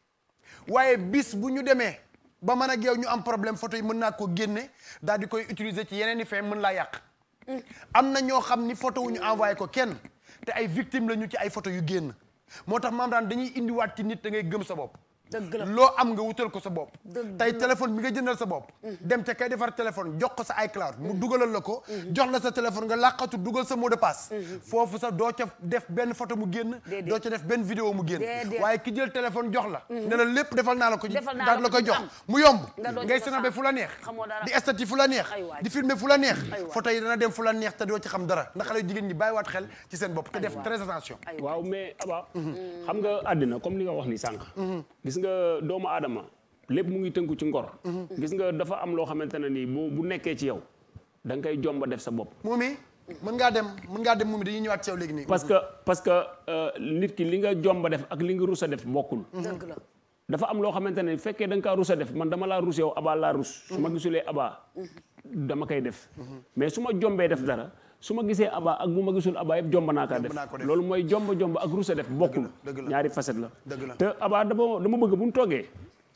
waaye bis bu ñu demee ba man a yow ñu am problème photo yi mën naa ko génne daal di koy utiliser ci yeneen i fin mën laa yàq am na ñoo xam ni photo wu ñu envoyé ko kenn te ay victime la ñu ci ay photo yu génn moo tax maam daan dañuy indiwaat ci nit da ngay gëm sa bopp loo am nga wutal ko sa bopp tey téléphone bi nga jëndal sa bopp mhm. dem ca kay defar téléphone jox ko sa iCloud mu mhm. dugalal la ko mhm. jox la sa téléphone nga làqatu dugal sa mot de passe foofu sa doo ca def benn foto mu génn doo ca def benn vidéo mu génn waaye ki jël téléphone jox la ne lépp defal naa la ko la koy jox mu yomb ngay sanabe fu la neex di estati fu la neex di filmer fu la neex photo yi dana dem fu la neex te doo ci xam dara ndax jigéen ñi bàyyiwaat xel ci seen bopp te def très attention waaw mais xam nga àddina comme li nga wax nga doomu aadama lépp mu ngi tënku ci ngor. gis nga dafa am loo xamante bu bu nekkee ci yow da nga koy jomba def sa bopp. Moumi mën ngaa dem mën ngaa dem Moumi dañuy ñëwaat ci parce que parce que euh, nit ki li nga jomba def ak li nga rus a def bokkul. dafa am loo xamante ne fekkee da nga kaa rus a def man dama laa rus yow abaa laa rus. su ma gisulee abaa dama koy def. Mhm. mais su ma jombee def dara. su ma gisee abaa ak bu ma gisul abaa yëpp jomb naa def loolu mooy jomb jomb ak rusa def bokkul ñaari facet la te abaa dama dama bëgg bu ñu toogee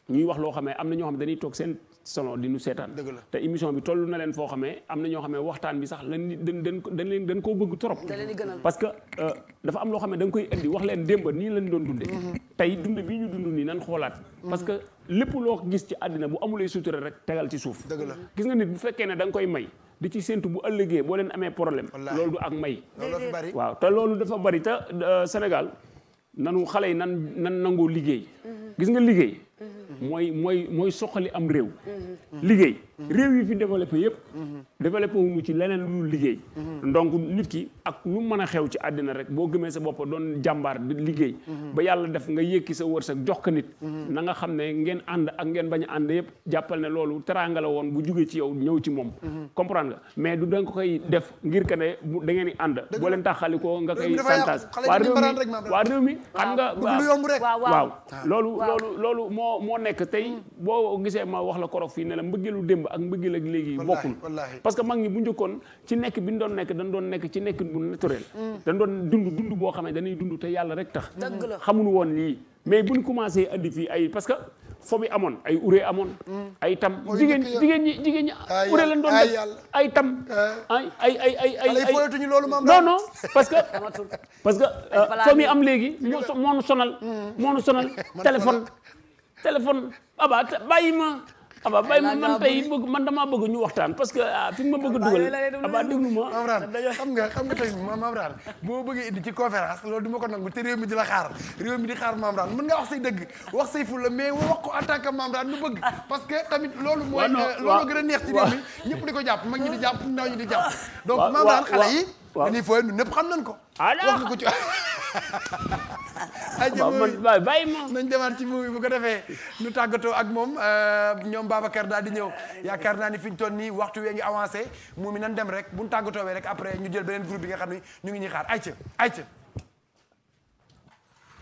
ñuy wax loo xam ne am na ñoo xam ne dañuy toog seen salon di nu seetaan te émission bi toll na leen foo xam ne am na ñoo xam ne waxtaan bi sax lan dañ dañ dañ leen dañ koo bëgg trop parce que euh, dafa am loo xam ne da nga koy indi wax leen démba nii lañ doon dunde mm-hmm. tey dund bi ñu dund nii nan xoolaat mm-hmm. parce que lépp loo gis ci àddina bu amulay sutura rek tegal ci suuf gis nga nit bu fekkee ne danga koy may di ci séntu bu ëllëgee boo leen amee problème. loolu du ak may. waaw te loolu dafa bari te euh, Sénégal nanu xale yi nan nan nangoo liggéey. Mm-hmm. gis nga liggéey. mooy mooy mooy soxali am réew. Mm-hmm. liggéey mm-hmm. réew yi fi développé yëpp. Mm-hmm. développé wu ci leneen lu liggéey. donc nit ki ak lu mën a xew ci àddina rek boo gëmee sa bopp doon jàmbaar di liggéey. ba yàlla def nga yëkki sa sa jox ko nit. na nga xam ne ngeen ànd ak ngeen bañ a ànd yëpp jàppal ne loolu teraanga la woon bu jugee ci yow ñëw ci moom. comprendre nga mais du da koy def ngir que ne da i di ànd. boo leen taxali ko nga koy. santaas waa réew mi waa réew moo moo nekk tey hmm. boo gisee ma wax la koroog fii ne mbëggeelu démb ak mbëggeel léegi bokkul parce mag ñi bu njëkkoon ci nekk bi ñu doon nekk dañ doon nekk ci nekk bu naturel hmm. dañ doon dund dund boo xam ne dañuy dund te yàlla rek tax hmm. xamuñu woon lii mais doon def ay tam ay ay ay ay ay [laughs] euh, am léegi [laughs] moo nu sonal moo [laughs] téléphone aba bàyyi ma aba ma man tey bëgg man damaa bëgg waxtaan parce que ah, fi mu ma bëgg dugal aba déglu ma mamran xam nga xam nga tey boo bëggee indi ci conférence loolu du ma ko nangu te réew mi di la mamran que mamran nu bëgg parce que tamit loolu mooy euh, loolu gën a neex ci réew mi ñëpp di ko jàpp mag jàpp ndaw ñi di jàpp [laughs] donc mamran xale yi dañuy fooy ñun ñëpp xam nañ ko wax nga ko [laughs] waaw man waaye bàyyi moom nañ demaat ci movie bu ko defee nu tàggatoo ak moom euh, ñoom Babacar daal di ñëw yaakaar naa ni fi ñu ton nii waxtu wee ngi avancé mu mi nan dem rek bu ñu tàggatoo wee rek après ñu jël beneen groupe bi nga xam ne ñu ngi ñuy xaar ay ayca ayca